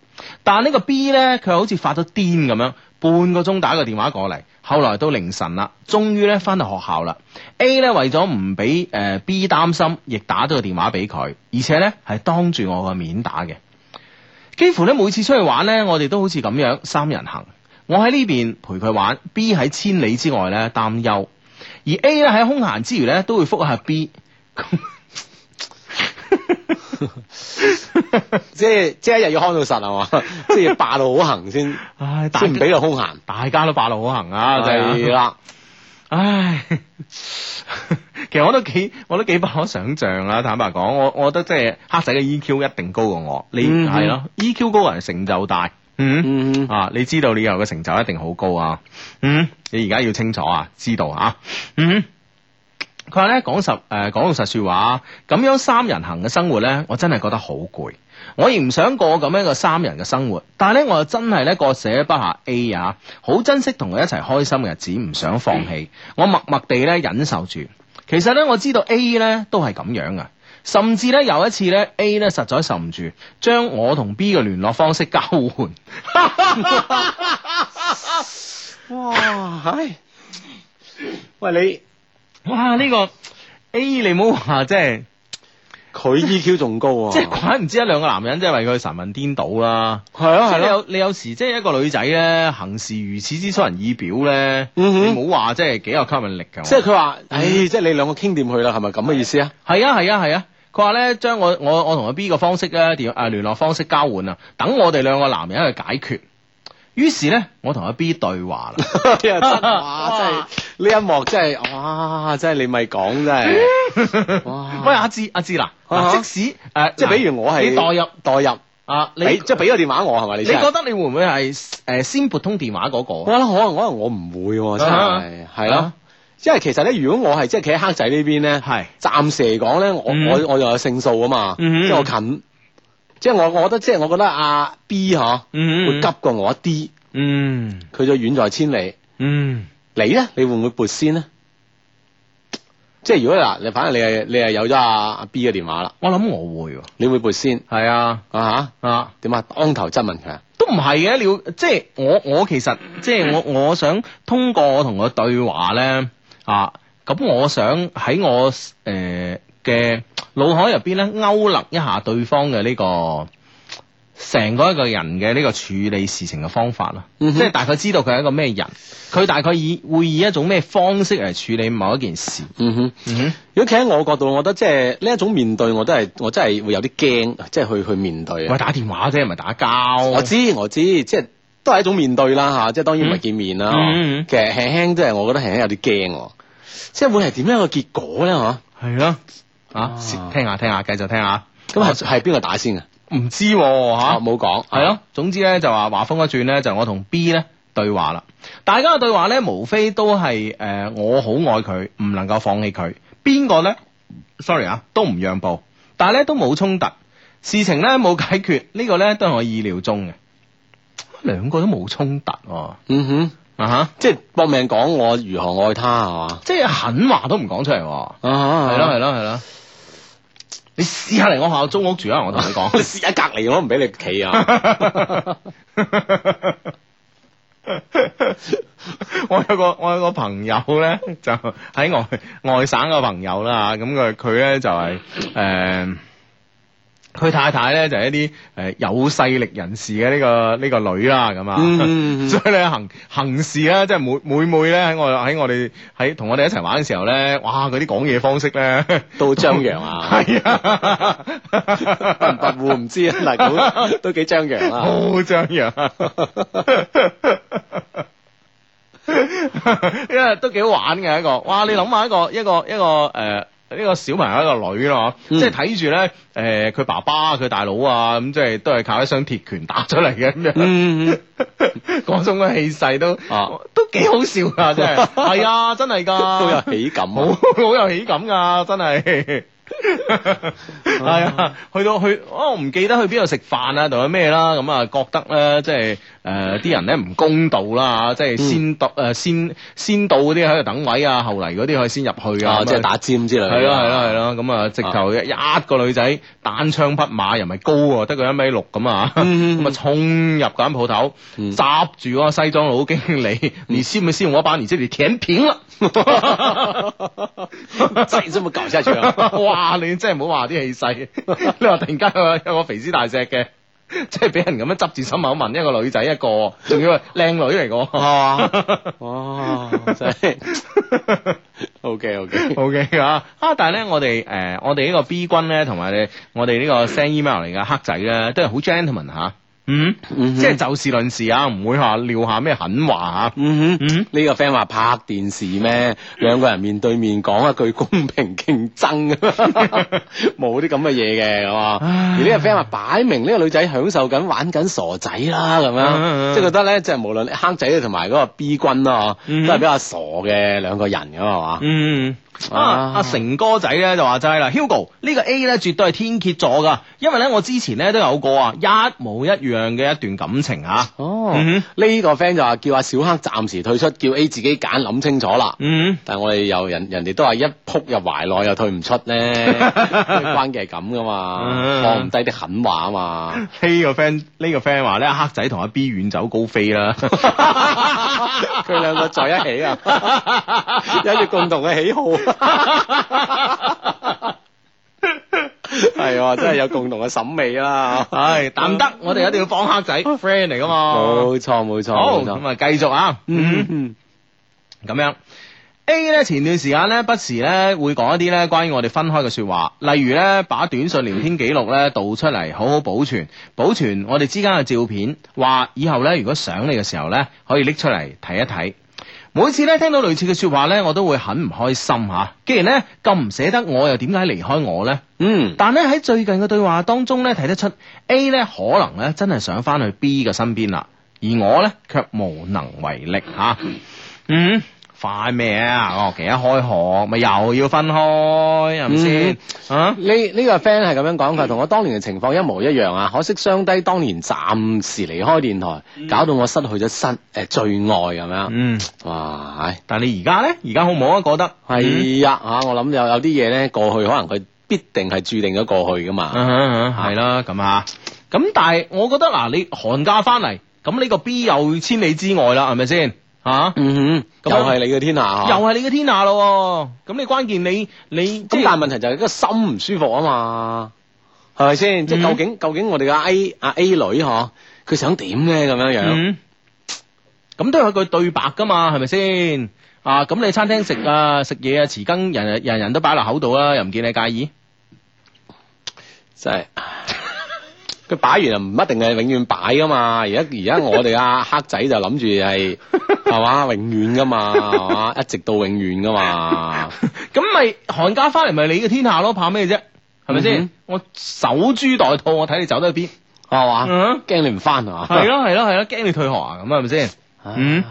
但係呢個 B 咧，佢好似發咗癲咁樣。半個鐘打個電話過嚟，後來到凌晨啦，終於咧翻到學校啦。A 咧為咗唔俾誒 B 擔心，亦打咗個電話俾佢，而且咧係當住我個面打嘅。幾乎咧每次出去玩咧，我哋都好似咁樣三人行。我喺呢邊陪佢玩，B 喺千里之外咧擔憂，而 A 咧喺空閒之餘咧都會覆下 B。 即係即係一日要看到實係嘛， 即係霸路好行先，但唔俾佢空行， 大家都霸路好行啊，就係啦。 唉， 其實我都幾，我都幾不可想象啊！坦白講，我我覺得即係黑仔嘅 E Q 一定高過我。你係咯、嗯、哼，E Q 高人成就大。嗯，嗯哼啊，你知道你以後嘅成就一定好高啊。嗯， 你而家要清楚啊，知道啊。嗯、啊。 佢話咧，講實誒講句實說話，咁樣三人行嘅生活咧，我真係覺得好攰，我亦唔想過咁樣嘅三人嘅生活。但係咧，我又真係咧割捨唔下 A 啊，好珍惜同佢一齊開心嘅日子，唔想放棄。我默默地咧忍受住。其實咧，我知道 A 咧都係咁樣啊。甚至咧有一次咧，A 咧實在受唔住，將我同 B 嘅聯絡方式交換。 哇！唉，喂你。哇！呢，這個 A、欸、你唔好話，即係佢 EQ 仲高啊！即係怪唔知一兩個男人即係為佢神魂顛倒啦。係啊，係咯，啊啊。你有你有時即係一個女仔咧，行事如此之出人意表咧，嗯、哼你唔好話即係幾有吸引力噶。即係佢話：唉，哎，即係你兩個傾掂去啦，係咪咁嘅意思啊？係啊，係啊，係啊！佢話咧，將我我我同阿 B 嘅方式咧，電啊，聯絡方式交換啊，等我哋兩個男人去解決。於是咧，我同阿 B 對話啦。哇！真係呢一幕真係，哇！真係你咪講真係。哇！喂，阿志阿志嗱，即使誒，即係比如我係你代入代入啊，你即係俾個電話我係咪？你覺得你會唔會係誒先撥通電話嗰個？我諗可能可能我唔會喎，真係係咯。因為其實咧，如果我係即係企喺黑仔呢邊咧，係暫時嚟講咧，我我我又有勝數啊嘛，即係我近。即係我，我覺得即係我覺得阿 B 嗬，mm hmm. 會急過我一啲，佢、mm hmm. 就遠在千里。嗯、mm，hmm. 你咧，你會唔會撥先咧？即係如果嗱，你反正你係你係有咗阿阿 B 嘅電話啦。我諗我會，你會撥先？係啊啊吓啊？點啊，啊？當頭質問佢啊？都唔係嘅，你即係我我其實即係、嗯、我我想通過我同佢對話咧啊，咁我想喺我誒。呃嘅腦海入邊咧勾勒，一下對方嘅呢個成個一個人嘅呢個處理事情嘅方法啦，嗯、哼即係大概知道佢係一個咩人，佢大概以會以一種咩方式嚟處理某一件事。嗯、哼，嗯、哼。如果企喺我角度，我覺得即係呢、啊就是、一種面對，我都係我真係會有啲驚，即係去去面對。唔係打電話啫，唔係打交。我知我知，即係都係一種面對啦吓，即係當然唔係見面啦。嗯嗯、其實輕輕即係，我覺得輕輕有啲驚，即係會係點樣一個結果咧吓？係咯。啊，聽下聽下，繼續聽下。咁係係邊個打先嘅？唔知吓，冇講。係咯，總之咧就話話風一轉咧，就我同 B 咧對話啦。大家嘅對話咧，無非都係誒、呃，我好愛佢，唔能夠放棄佢。邊個咧？Sorry 啊，都唔讓步，但係咧都冇衝突，事情咧冇解決。這個、呢個咧都係我意料中嘅。兩個都冇衝突、啊。嗯哼。啊哈！Uh huh. 即係搏命講我如何愛他係嘛？即係狠話都唔講出嚟，係咯係咯係咯。你試下嚟我下我租屋住 嘗嘗啊！ 我同你講，你試下隔籬我都唔俾你企啊！我有個我有個朋友咧，就喺外外省嘅朋友啦，咁佢佢咧就係、是、誒。呃佢太太咧就係、一啲誒、呃、有勢力人士嘅呢、呢個呢、呢個女啦，咁啊，嗯嗯、 所以你行行事咧，即係每，每每每咧喺我喺我哋喺同我哋一齊玩嘅時候咧，哇！嗰啲講嘢方式咧都好張揚啊都，係啊，唔唔知啊，嗱， 都幾張揚啊。好張揚、啊， 因為都幾好玩嘅一個，哇！你諗下一個一個一個誒。呢個小朋友一個女咯、嗯呃啊，即係睇住咧，誒，佢爸爸佢大佬啊，咁即係都係靠一雙鐵拳打出嚟嘅咁樣，嗰種嘅氣勢都、啊、都幾好笑噶， 真係係 啊，真係噶，好有喜感，好有喜感噶，真係。 係啊，去到去哦，我唔記得去邊度食飯啊，同埋咩啦，咁啊覺得咧，即係誒啲人咧唔公道啦，即係先到誒先先到嗰啲喺度等位啊，後嚟嗰啲可以先入去啊，即係打尖之類。係咯係咯係咯，咁啊直頭一，個女仔單槍匹馬又唔係高喎，得佢一米六咁啊，咁啊衝入間鋪頭，揸住個西裝佬經理，你先唔信我把你這裏填平啦？再這麼搞晒去啊！啊！你真係唔好話啲氣勢， 你話突然間有個肥屍大隻嘅，即係俾人咁樣執住心口問，一個女仔一個，仲要係靚女嚟㗎，係、 啊、哇！真係，O K O K O K 啊！啊！但係咧，我哋誒、呃，我哋呢個 B 君咧，同埋你，我哋呢個 send email 嚟噶黑仔咧，都係好 gentleman 吓。啊嗯，mm hmm. 即係就事論事啊，唔會話撩下咩狠話嚇、啊。嗯哼、mm，呢、hmm. 個 friend 話拍電視咩？ 兩個人面對面講一句公平競爭，冇啲咁嘅嘢嘅，係嘛？而呢個 friend 話擺明呢個女仔享受緊玩緊傻仔啦，咁樣即係覺得咧，即係無論坑仔同埋嗰個 B 君啦、啊，mm hmm. 都係比較傻嘅兩個人咁啊嘛、 mm。嗯，啊，阿成哥仔咧就話齋啦，Hugo 呢個 A 咧絕，絕對係天蠍座噶。因為咧，我之前咧都有過啊，一模一樣嘅一段感情吓、啊。哦、呢、mm hmm. 個 friend 就話叫阿小黑暫時退出，叫 A 自己揀諗清楚啦。嗯、mm，hmm. 但係我哋又人人哋都話一撲入懷內又退唔出咧， 關係係咁噶嘛，放唔低啲狠話啊嘛。呢個 friend 呢個 friend 話咧，黑仔同阿 B 遠走高飛啦、啊，佢 兩 個在一起啊，有 住共同嘅喜好。 係 啊，真係有共同嘅審美啦。唉， 但唔得，我哋一定要幫黑仔 friend 嚟噶嘛。冇錯，冇錯。好，咁啊，繼續啊。咁樣 A 咧，前段時間呢，不時呢，會講一啲呢關於我哋分開嘅說話，例如呢，把短信聊天記錄呢，導出嚟，好好保存，保存我哋之間嘅照片，話以後呢，如果想你嘅時候呢，可以拎出嚟睇一睇。每次咧聽到類似嘅說話咧，我都會很唔開心吓。既然咧咁唔捨得我，我又點解離開我呢？嗯，但咧喺最近嘅對話當中咧睇得出 A 咧可能咧真係想翻去 B 嘅身邊啦，而我咧卻無能為力吓。嗯。快咩啊！學期一開學，咪又要分開，係咪先？嗯、啊，呢呢、這個 friend 係咁樣講法，同我當年嘅情況一模一樣啊！可惜雙低當年暫時離開電台，搞到我失去咗新誒最愛咁樣。是是嗯，哇！但係你而家咧，而家好唔好、嗯啊？可覺得？係啊。吓，我諗又有啲嘢咧，過去可能佢必定係注定咗過去噶嘛。係啦，咁啊，咁但係我覺得嗱，你寒假翻嚟，咁呢個 B 又千里之外啦，係咪先？吓，嗯哼，咁又係你嘅天下，又係你嘅天下咯。咁你關鍵你你咁，但係問題就係個心唔舒服啊嘛，係咪先？即係究竟究竟我哋嘅 A 阿 A 女嗬，佢想點咧？咁樣樣，咁都有句對白噶嘛，係咪先？啊，咁你餐廳食啊食嘢啊，匙羹人人人都擺落口度啦，又唔見你介意，真係。佢擺完啊，唔一定係永遠擺㗎嘛。而家而家我哋阿黑仔就諗住係係嘛永遠㗎嘛，係嘛一直到永遠㗎嘛。咁咪寒假返嚟咪你嘅天下囉，怕咩啫？係咪先？我守株待兔，我睇你走得去邊係嘛？嗯，驚你唔返係嘛？係囉係囉係囉，驚你退學啊？咁啊係咪先？嗯，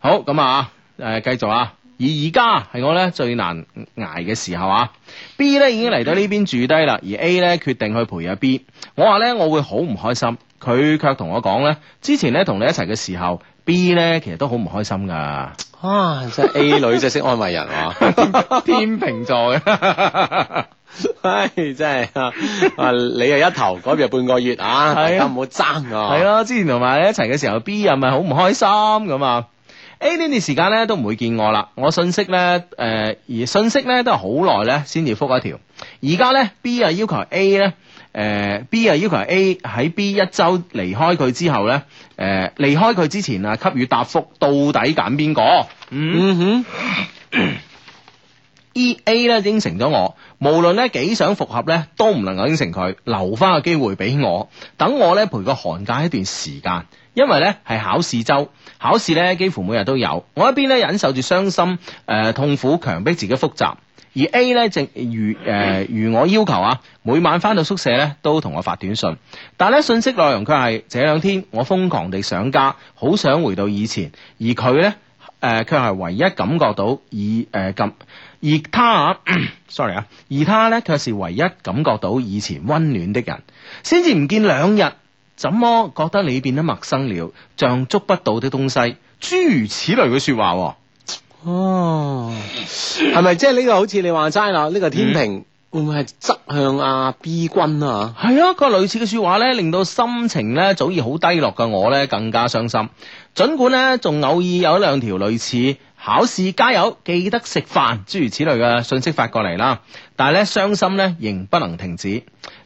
好咁啊誒，繼續啊。而而家係我咧最難捱嘅時候啊。B 咧已經嚟到呢邊住低啦，而 A 咧決定去陪阿 B。我話咧我會好唔開心，佢卻同我講咧，之前咧同你一齊嘅時候，B 咧其實都好唔開心噶。啊，即係 A 女仔識安慰人啊！ 天秤座嘅，唉，真係啊！你又一頭，嗰邊又半個月啊，啊大家唔好爭啊！係咯、啊，之前同埋你一齊嘅時候，B 又咪好唔開心咁啊！A 呢段時間咧都唔會見我啦，我信息咧，誒、呃、而信息咧都係好耐咧先至覆一條，而家咧 B 又要求 A 咧。誒，B 啊要求 A 喺 B 一周離開佢之後咧，誒、呃、離開佢之前啊給予答覆，到底揀邊個？嗯哼、mm hmm.，E A 咧應承咗我，無論咧幾想復合咧，都唔能夠應承佢，留翻個機會俾我，等我咧陪個寒假一段時間，因為咧係考試周，考試咧幾乎每日都有，我一邊咧忍受住傷心誒、呃、痛苦，強迫自己複習。而 A 咧，正如誒、呃、如我要求啊，每晚返到宿舍咧，都同我發短信。但係咧，信息內容卻係這兩天我瘋狂地想家，好想回到以前。而佢咧，誒、呃，卻係唯一感覺到以誒咁、呃。而他啊，sorry 啊，而他咧，卻是唯一感覺到以前温暖的人。先至唔見兩日，怎麼覺得你變得陌生了，像捉不到的東西？諸如此類嘅說話、啊。哦，係咪即係呢個好似你話齋啦？呢、呢個天平、嗯、會唔會係側向啊 B 君啊？係啊，個類似嘅說話咧，令到心情咧早已好低落嘅我咧更加傷心。盡管咧仲偶爾有兩條類似。考試加油，記得食飯，諸如此類嘅信息發過嚟啦。但係咧，傷心咧仍不能停止。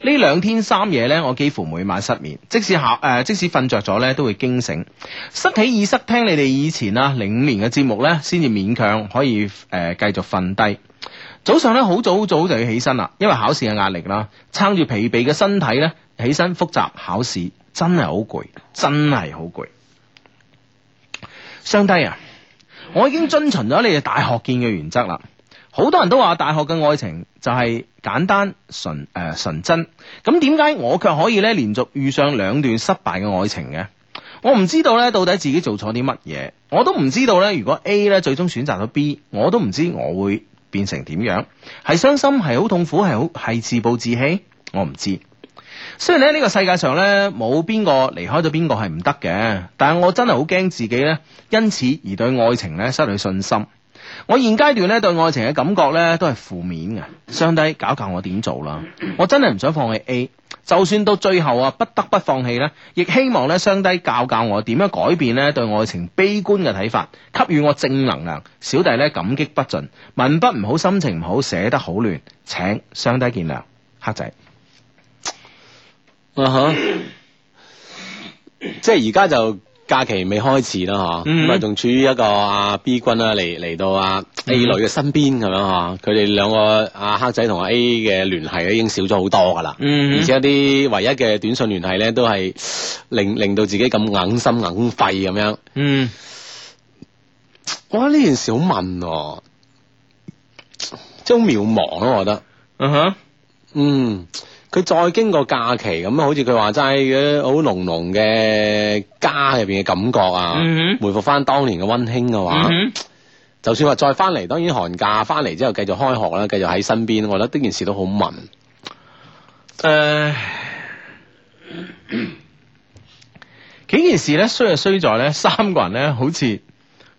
呢兩天三夜咧，我幾乎每晚失眠，即使考誒、呃，即使瞓着咗咧，都會驚醒。塞起耳塞聽你哋以前啊，零五年嘅節目咧，先至勉強可以誒、呃、繼續瞓低。早上咧好早好早就要起身啦，因為考試嘅壓力啦，撐住疲憊嘅身體咧起身復習考試，真係好攰，真係好攰。上帝啊！我已經遵循咗你哋大學見嘅原則啦，好多人都話大學嘅愛情就係簡單純誒純真，咁點解我卻可以咧連續遇上兩段失敗嘅愛情嘅？我唔知道咧，到底自己做錯啲乜嘢？我都唔知道咧，如果 A 咧最終選擇咗 B，我都唔知我會變成點樣，係傷心，係好痛苦，係好係自暴自棄，我唔知。雖然咧，呢個世界上咧，冇邊個離開咗邊個係唔得嘅。但係我真係好驚自己咧，因此而對愛情咧失去信心。我現階段咧對愛情嘅感覺咧都係負面嘅。雙低教教我點做啦？我真係唔想放棄 A，就算到最後啊不得不放棄咧，亦希望咧雙低教教我點樣改變咧對愛情悲觀嘅睇法，給予我正能量。小弟咧感激不盡。文筆唔好，心情唔好，寫得好亂，請雙低見諒。黑仔。啊哈！Uh huh. 即係而家就假期未開始啦，吓咁啊，仲、hmm. 處於一個阿 B 君啦嚟，嚟到阿 A 女嘅身邊咁樣吓，佢哋兩個阿黑仔同阿 A 嘅聯繫咧，已經少咗好多噶啦，mm hmm. 而且啲唯一嘅短信聯繫咧，都係令令到自己咁硬心硬肺咁樣。嗯、mm，我覺得呢件事好悶哦，即係好渺茫咯，啊，我覺得。嗯哼、uh，huh. 嗯。佢再經過假期咁，好似佢話齋嘅，好濃濃嘅家入邊嘅感覺啊，mm hmm. 回復翻當年嘅溫馨嘅話，mm hmm. 就算話再翻嚟，當然寒假翻嚟之後繼續開學啦，繼續喺身邊，我覺得呢件事都好悶。誒、呃，幾 件事咧，衰就衰在咧，三個人咧，好似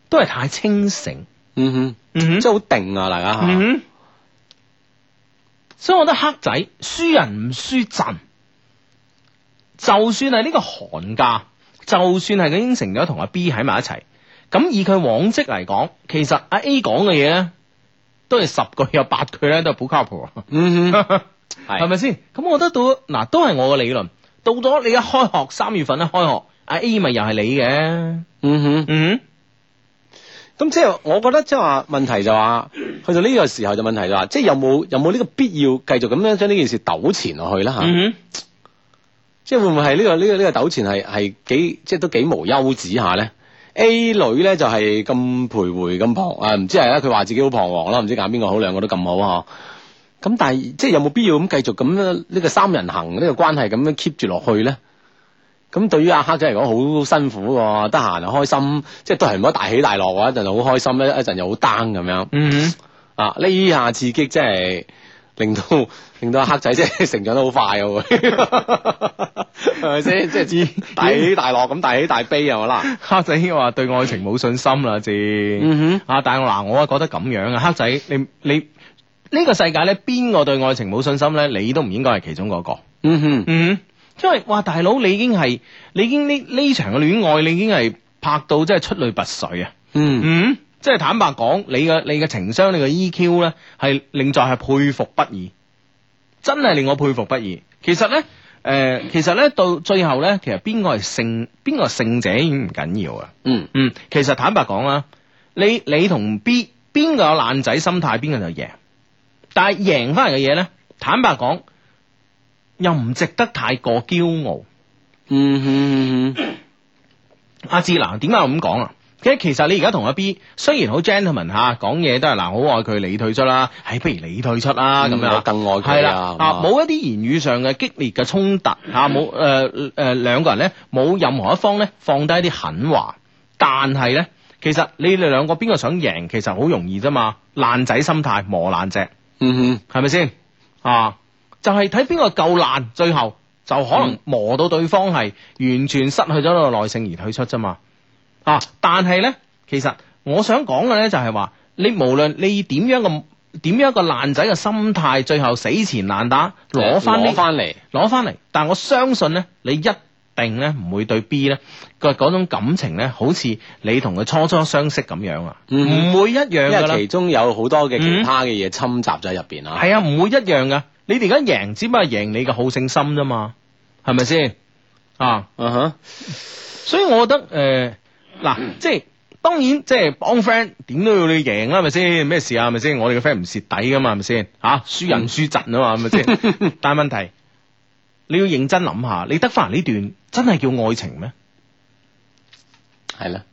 都係太清醒，嗯哼、mm，即係好定啊，大家吓。Mm hmm. 所以我覺得黑仔輸人唔輸陣，就算係呢個寒假，就算係佢應承咗同阿 B 喺埋一齊，咁以佢往績嚟講，其實阿 A 講嘅嘢咧，都係十句有八句咧都係補卡婆，係咪先？咁、 啊、我覺得到嗱都係我嘅理論。到咗你一開學三月份一開學，阿 A 咪又係你嘅，嗯哼，嗯哼。咁即係，我覺得即係話問題就話，去到呢個時候就問題就話，即係有冇有冇呢個必要繼續咁樣將呢件事糾纏落去啦吓、mm hmm. 啊？即係會唔會係呢個呢個呢個糾纏係係幾即係都幾無休止下咧、啊、？A 女咧就係、是、咁徘徊咁彷，啊唔知係啦，佢話自己好彷徨啦，唔知揀邊個好，兩個都咁好嗬？咁、啊、但係即係有冇必要咁繼續咁呢個三人行呢個關係咁樣 keep 住落去咧？咁對於阿黑仔嚟講好辛苦喎，得閒就開心，即係都係唔好大起大落，一陣好開心咧，一陣又好 down 咁樣。嗯哼啊呢下刺激真係令到令到黑仔即係成長得好快喎、啊，係咪先？即係 大起大落咁，大起大悲又啦。 黑仔話對愛情冇信心喧喧喧、啊、啦，知？啊但係嗱，我覺得咁樣啊，黑仔你你呢、呢個世界咧，邊個對愛情冇信心咧？你都唔應該係其中嗰個。嗯哼，嗯因為哇，大佬你已經係，你已經呢呢場嘅戀愛，你已經係拍到即係出類拔萃啊，嗯，嗯，即係坦白講，你嘅你嘅情商你嘅 EQ 咧係令在係佩服不已，真係令我佩服不已。其實咧，誒、呃，其實咧到最後咧，其實邊個係勝邊個係勝者已經唔緊要啊。嗯嗯，其實坦白講啦，你你同 B 邊個有爛仔心態邊個就贏，但係贏翻嚟嘅嘢咧，坦白講，又唔值得太過驕傲。嗯哼，阿志南點解我咁講啊？其實你而家同阿 B 雖然好 gentleman 吓，講嘢都係嗱，好愛佢，你退出啦，唉，不如你退出啦咁樣，更愛佢係啦。啊，冇一啲言語上嘅激烈嘅衝突吓，冇誒誒，兩個人咧冇任何一方咧放低啲狠話，但係咧，其實你哋兩個邊個想贏，其實好容易啫嘛。爛仔心態磨爛隻，嗯哼，係咪先啊？就係睇邊個夠爛，最後就可能磨到對方係完全失去咗個耐性而退出啫嘛。啊！但係咧，其實我想講嘅咧就係話，你無論你點樣咁點樣個爛仔嘅心態，最後死纏爛打，攞翻翻嚟，攞翻嚟。但我相信咧，你一定咧唔會對 B 咧個嗰種感情咧，好似你同佢初初相識咁樣啊，唔、嗯、會一樣噶啦。因為其中有好多嘅其他嘅嘢侵襲咗入邊啊，係啊，唔會一樣噶。你哋而家贏只不過贏你嘅好勝心啫嘛，係咪先？啊，嗯哼、uh，huh. 所以我覺得誒，嗱、呃，即係當然，即係幫 friend 點都要你贏啦，係咪先？咩事啊，係咪先？我哋嘅 friend 唔蝕底噶嘛，係咪先？吓，輸人輸陣啊嘛，係咪先？但問題，你要認真諗下，你得翻嚟呢段真係叫愛情咩？係啦。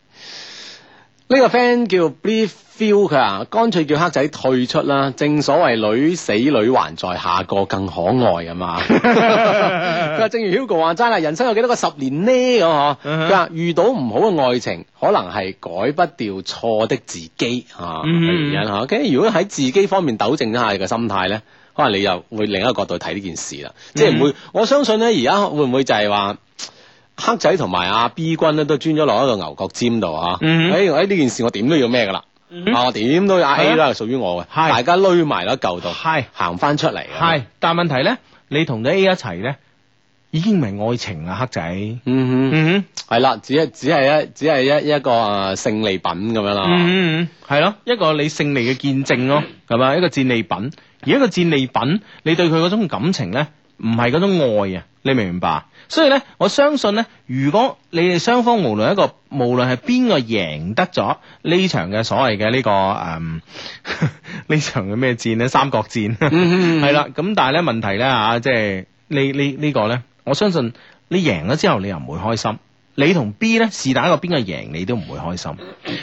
呢個 friend 叫 Breathe Feel 佢啊，乾脆叫黑仔退出啦。正所謂女死女還在，下個更可愛啊嘛。佢話 正如 Hugo 話齋啦，人生有幾多個十年呢咁嗬？佢話、uh huh. 遇到唔好嘅愛情，可能係改不掉錯的自己啊原因吓。咁、mm hmm. 如果喺自己方面糾正一下你嘅心態咧，可能你又會另一個角度睇呢件事啦。Mm hmm. 即係唔會，我相信咧，而家會唔會就係話？黑仔同埋阿 B 君，咧都鑽咗落一個牛角尖度吓，誒誒呢件事我點都要咩噶啦？嗯、哼啊我點都要阿 A 啦的，屬於我嘅，的大家堆埋一嚿度係行翻出嚟。係但係問題咧，你同咗 A 一齊咧，已經唔係愛情啦，黑仔。嗯哼嗯哼，係啦、嗯哼，只只係一，只係一一個啊、呃、勝利品咁樣啦。嗯嗯係咯，一個你勝利嘅見證咯，咁嘛一個戰利品。而一個戰利品，你對佢嗰種感情咧，唔係嗰種愛啊，你明唔明白？所以咧，我相信咧，如果你哋雙方無論一個，無論係邊個贏得咗呢場嘅所謂嘅呢個誒，呢場嘅咩戰咧，三角戰係啦。咁 但係咧，問題咧吓，即係、這個、呢呢呢個咧，我相信你贏咗之後你又唔會開心。你同 B 咧，是但一個邊個贏你都唔會開心。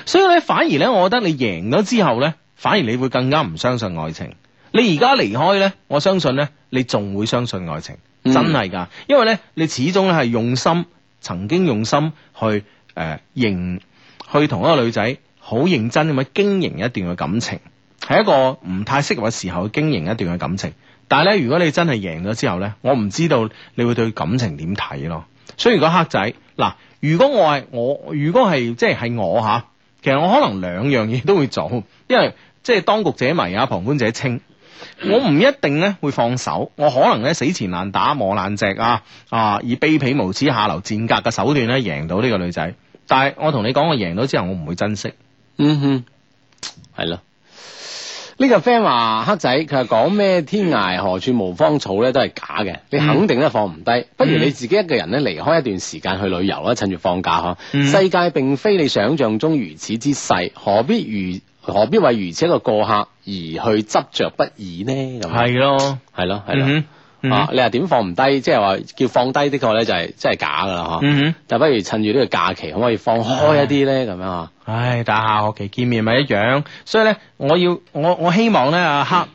所以咧，反而咧，我覺得你贏咗之後咧，反而你會更加唔相信愛情。你而家離開咧，我相信咧，你仲會相信愛情。真係噶因為咧，你始終咧係用心，曾經用心去誒、呃、認，去同一個女仔好認真咁樣經營一段嘅感情，係一個唔太適合嘅時候去經營一段嘅感情。但係咧，如果你真係贏咗之後咧，我唔知道你會對感情點睇咯。所以如果黑仔嗱，如果我係我，如果係即係係我吓，其實我可能兩樣嘢都會做，因為即係、就是、當局者迷啊，旁觀者清。我唔一定咧會放手，我可能咧死纏爛打磨爛只啊啊，以卑鄙無恥下流賤格嘅手段咧贏到呢個女仔。但係我同你講，我贏咗之後我唔會珍惜。嗯哼，係咯。呢個 friend 話黑仔佢係講咩？天涯何處無芳草咧都係假嘅。你肯定咧放唔低，不如你自己一個人咧離開一段時間去旅遊啦，趁住放假嗬。嗯哼，世界並非你想象中如此之細，何必如？何必為如此一個過客而去執着不已呢？咁係是咯，咯，係咯，係咯。啊，你話點放唔低？即係話叫放低呢個咧，就係真係假噶啦，嗬。嗯哼，但不如趁住呢個假期，可唔可以放開一啲咧？咁、嗯、樣啊？唉，等下學期見面咪一樣。所以咧，我要我我希望咧，阿黑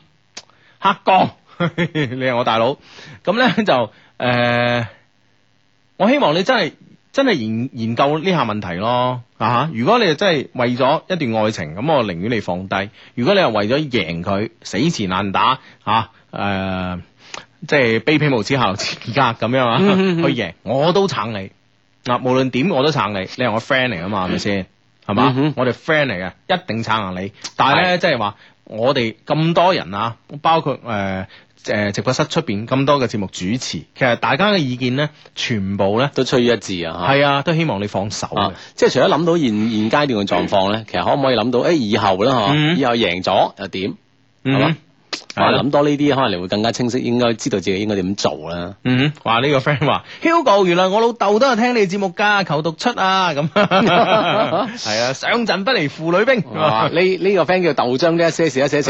黑 哥，你係我大佬。咁咧就誒、呃，我希望你真係。真係研研究呢下問題咯，啊！如果你係真係為咗一段愛情，咁我寧願你放低；如果你係為咗贏佢，死纏爛打，嚇、啊、誒，即、呃、係、就是、卑鄙無恥後、而家咁樣啊，去贏我都撐你。啊，無論點我都撐你，你係我 friend 嚟啊嘛，係咪先？係嘛吧？嗯、哼我哋 friend 嚟嘅，一定撐下你。但係咧，即係話我哋咁多人啊，包括誒。呃誒、呃、直播室出邊咁多嘅節目主持，其實大家嘅意見咧，全部咧都趨於一致啊！係啊，都希望你放手嘅、啊，即係除咗諗到現現階段嘅狀況咧，嗯、其實可唔可以諗到誒、哎、以後咧吓、嗯、以後贏咗又點，係嘛、嗯？我諗多呢啲，可能你會更加清晰，應該知道自己應該點做啦。嗯，哇！呢個 friend 話，Hugo，原來我老豆都係聽你節目噶，求讀出啊，咁係啊，上陣不離婦女兵。呢呢個 friend 叫豆漿，呢一些事，一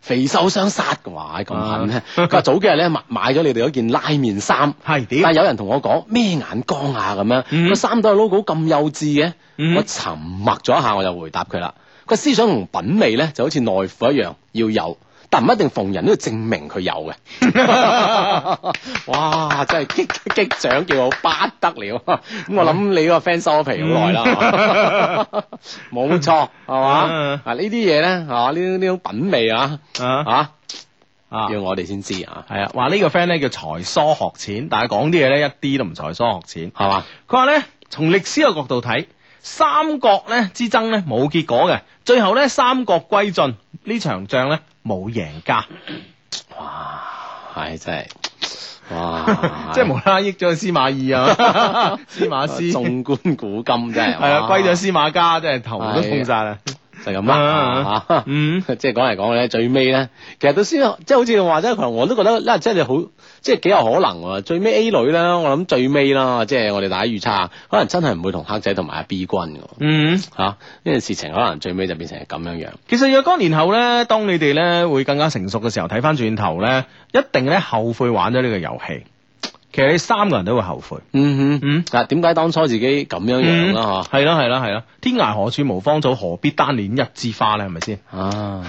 肥瘦相殺，哇，咁狠咧。佢話早幾日咧買買咗你哋嗰件拉麵衫，係點？但有人同我講咩眼光啊？咁樣個衫都係 logo 咁幼稚嘅，我沉默咗一下，我就回答佢啦。個思想同品味咧，就好似內褲一樣，要有。但唔一定逢人都要證明佢有嘅 哇！真係激激掌，叫好不得了咁。我諗你個 friend 收皮好耐啦，冇錯係嘛啊？呢啲嘢咧，吓呢呢種品味啊，吓啊，啊要我哋先知啊，啊。係啊，話呢個 friend 咧叫才疏學淺，但係講啲嘢咧一啲都唔才疏學淺係嘛。佢話咧，從歷 史嘅角度睇，三國咧之爭咧冇結果嘅，最後咧三國歸晉呢場仗咧。冇贏家哇，哇！唉，真係，哇！即係無啦啦益咗司馬懿司啊，司馬師，縱觀古今真係，係啊 哇，歸咗司馬家真係頭都痛晒啦。就咁啦，吓，uh, uh, um, 即係講嚟講咧，最尾咧，其實都先，即係好似你話齋，可能我都覺得咧，真係好，即係幾有可能。最尾 A 女啦。我諗最尾啦，即係我哋大家預測，可能真係唔會同黑仔同埋阿 B 君嘅。嗯、uh, 啊，吓呢件事情可能最尾就變成咁樣樣。其實若干年後咧，當你哋咧會更加成熟嘅時候，睇翻轉頭咧，一定咧後悔玩咗呢個遊戲。其實你三個人都會後悔。嗯哼嗯嗱，點解當初自己咁樣樣啦、嗯？吓、啊，係啦係啦係啦，天涯何處無芳草，何必單戀一枝花咧？係咪先？啊，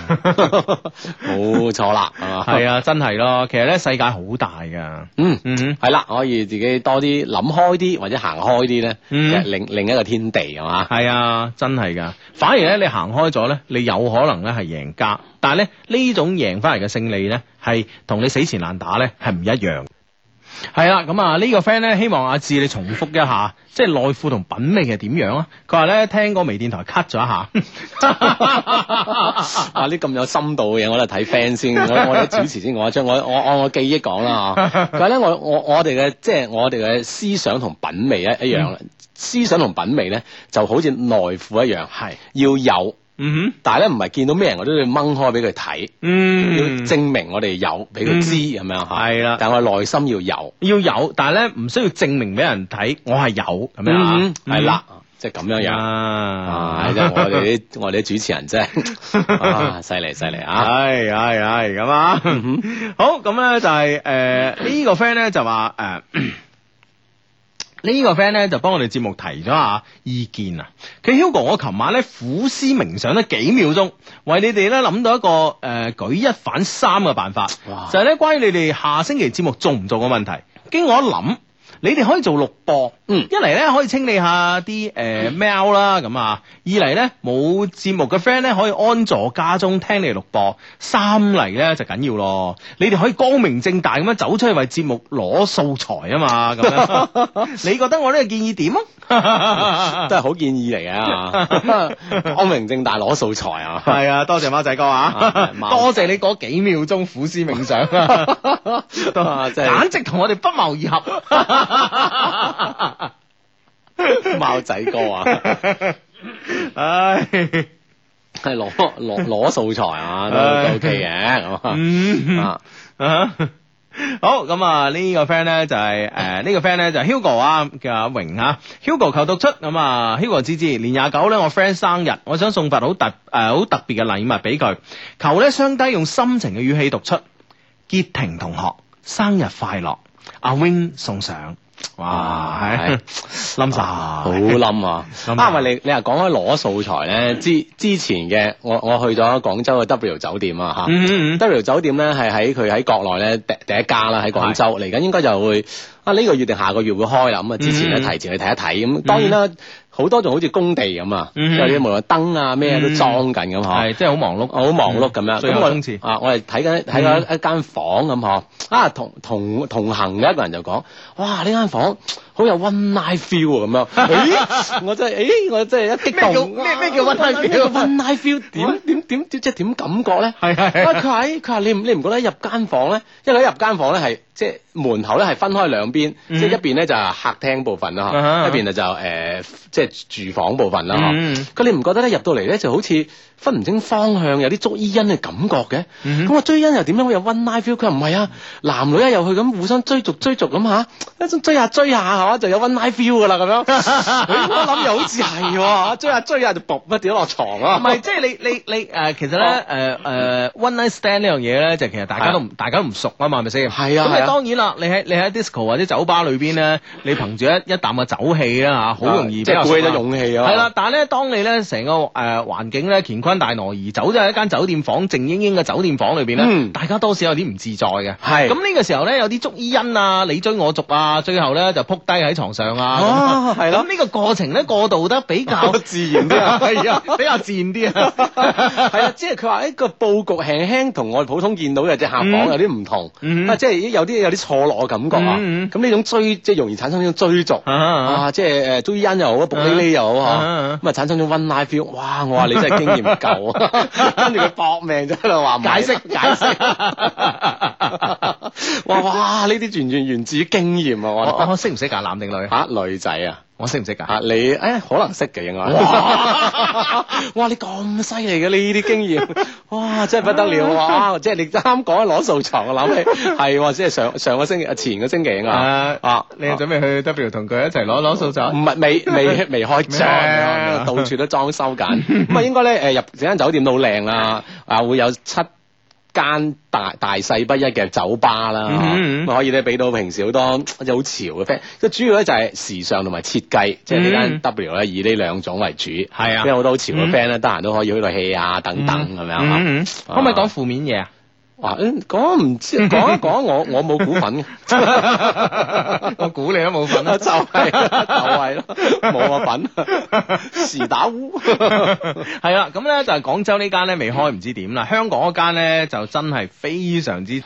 冇錯 錯啦，係 啊，真係咯。其實咧，世界好大噶。嗯嗯，係啦，可以自己多啲諗開啲，或者行開啲咧，嗯、另另一個天地係嘛？係啊，真係噶。反而咧，你行開咗咧，你有可能咧係贏家，但係咧呢種贏翻嚟嘅勝利咧，係同你死纏爛打咧係唔一樣。係啦，咁啊呢個 friend 咧，希望阿志你重複一下，即係內褲同品味係點樣啊？佢話咧聽過微電台 cut 咗一下 啊，啊呢咁有深度嘅嘢，我都睇 friend 先， 我我哋主持先講出，我我按我記憶講啦吓。佢話咧我我我哋嘅即係我哋嘅思想同品味一一樣啦，嗯、思想同品味咧就好似內褲一樣，係是要有。嗯哼但，但係咧唔係見到咩人我都要掹開俾佢睇，嗯，要證明我哋有俾佢知咁樣嚇。係啦，嗯，嗎但係我內心要有，要有，但係咧唔需要證明俾人睇，我係有咁樣嚇。係啦，即係咁樣樣，啊，我哋啲我哋啲主持人啫，係，哇，犀利犀利啊，係係係咁啊， 好，咁咧就係誒呢個 friend 咧就話誒。呃個呢個 friend 咧就幫我哋節目提咗下意見啊，佢 Hugo 我琴晚咧苦思冥想咗幾秒鐘，為你哋咧諗到一個誒、呃、舉一反三嘅辦法，哇就係咧關於你哋下星期節目做唔做嘅問題，經我一諗。你哋可以做錄播，嗯、一嚟咧可以清理下啲誒 mail 啦，咁、呃、啊；嗯、二嚟咧冇節目嘅 friend 咧可以安坐家中聽你錄播；三嚟咧就緊要咯，你哋可以光明正大咁樣走出去為節目攞素材啊嘛。樣 你覺得我呢個建議點啊？ 真係好建議嚟啊！ 光明正大攞素材啊！係啊， 多謝馬仔哥啊，多謝你嗰幾秒鐘苦思，思冥想啊， 真簡直同我哋不謀而合。哈！貓 仔哥啊、 哎，唉， 係攞攞攞素材啊，都 OK 嘅、啊 嗯。嗯啊好咁、嗯、啊，這個、呢、就是呃這個 friend 咧就係誒，呢個 friend 咧就 Hugo 啊，叫阿榮啊。Hugo 求讀出咁啊，Hugo 之之年廿九咧，我 friend 生日，我想送份好特誒好、呃、特別嘅禮物俾佢。求咧雙低用心情嘅語氣讀出，杰婷同學生日快樂。阿 Wing 送上，哇，冧晒，好冧啊！啊，咪你你又講開攞素材咧，之之前嘅我我去咗廣州嘅 W 酒店啊吓，W 酒店咧係喺佢喺國內咧第第一家啦喺廣州，嚟緊的應該就會啊呢、這個月定下個月會開啦，咁啊之前咧、嗯嗯嗯、提前去睇一睇，咁當然啦。嗯好多仲好似工地咁啊，即係啲無論燈啊咩都裝緊咁嗬，係真係好忙碌，好忙碌咁樣。最諷刺啊！我哋睇緊睇緊一間房咁嗬，啊同同同行嘅一個人就講：哇！呢間房好有 one night feel 啊！咁樣，我真係，誒，我真係一激動。咩咩叫 one night feel 點點點即係點感覺咧？係係。佢喺佢話你你唔覺得入間房咧，一喺入間房咧係。即係門口咧係分開兩邊，即係一邊咧就係客廳部分啦，一邊咧就誒即係住房部分啦，佢你唔覺得咧入到嚟咧就好似分唔清方向，有啲捉伊欣嘅感覺嘅。咁我追欣又點樣會有 one night feel？佢唔係啊，男女一入去咁互相追逐追逐咁嚇，一陣追下追下下就有 one night feel 噶啦咁樣。我諗又好似係喎，追下追下就僕乜掉落床啊。唔係，即係你你你誒，其實咧誒誒，one night stand 呢樣嘢咧，就其實大家都唔大家唔熟啊嘛，係咪先？係啊，係啊。當然啦，你喺你喺 disco 或者酒吧裏邊咧，你憑住一一啖嘅酒氣咧嚇，好容易即鼓起咗勇氣啊。係啦，但係咧，當你咧成個誒、呃、環境咧乾坤大挪移，走咗喺一間酒店房靜英英嘅酒店房裏邊咧，嗯、大家多少有啲唔自在嘅。係咁呢個時候咧，有啲捉衣恩啊，你追我逐啊，最後咧就撲低喺床上啊。係咯，咁呢個過程咧過渡得比較、啊、自然啲啊，係 啊， 比較自然啲啊。係 啊，即係佢話一個佈局輕輕同我哋普通見到嘅隻客房有啲唔同，嗯嗯啊、即係有啲。有啲錯落嘅感覺啊，咁呢、嗯嗯嗯、種追即係容易產生一種追逐啊，啊，即係誒追恩又好，啊，搏呢呢又好啊。咁啊產生一種 one night feel，哇！我話你真係經驗唔夠啊，跟住佢搏命真係話解釋解釋， 哇哇！呢啲完全源自於經驗啊，我啊啊識唔識揀男定女啊？女仔啊。我識唔識㗎？嚇、啊、你誒、哎，可能識嘅應該。哇, 哇！你咁犀利嘅呢啲經驗，哇！真係不得了喎！即係你啱講攞素材我諗起係，即係、 啊、上上個星期前個星期應該。啊啊！啊你準備去 W 同佢、啊、一齊攞攞素材？唔係、啊、未未未,未開張、 啊，到處都裝修緊。咁啊，應該咧誒入這間酒店都好靚啦，啊,啊,啊會有七。間大大細不一嘅酒吧啦、mm hmm. 啊，可以咧俾到平時好多又好潮嘅 friend。即主要咧就係時尚同埋設計，即呢間 W 咧以呢兩種為主。係啊、mm，即、hmm. 好多好潮嘅 friend 咧，得閒、mm hmm. 都可以去度 hea 啊等等，係咪、mm hmm. 啊？Mm hmm. 啊可唔可以講負面嘢啊？哇、啊！講唔知，講講我我冇股份嘅，我估 你都冇份啦，就係、是、就係、是、咯，冇我份， 時打烏， 係啦，咁咧就係、是、廣州呢間咧未開，唔知點啦。香港嗰間咧就真係非常之。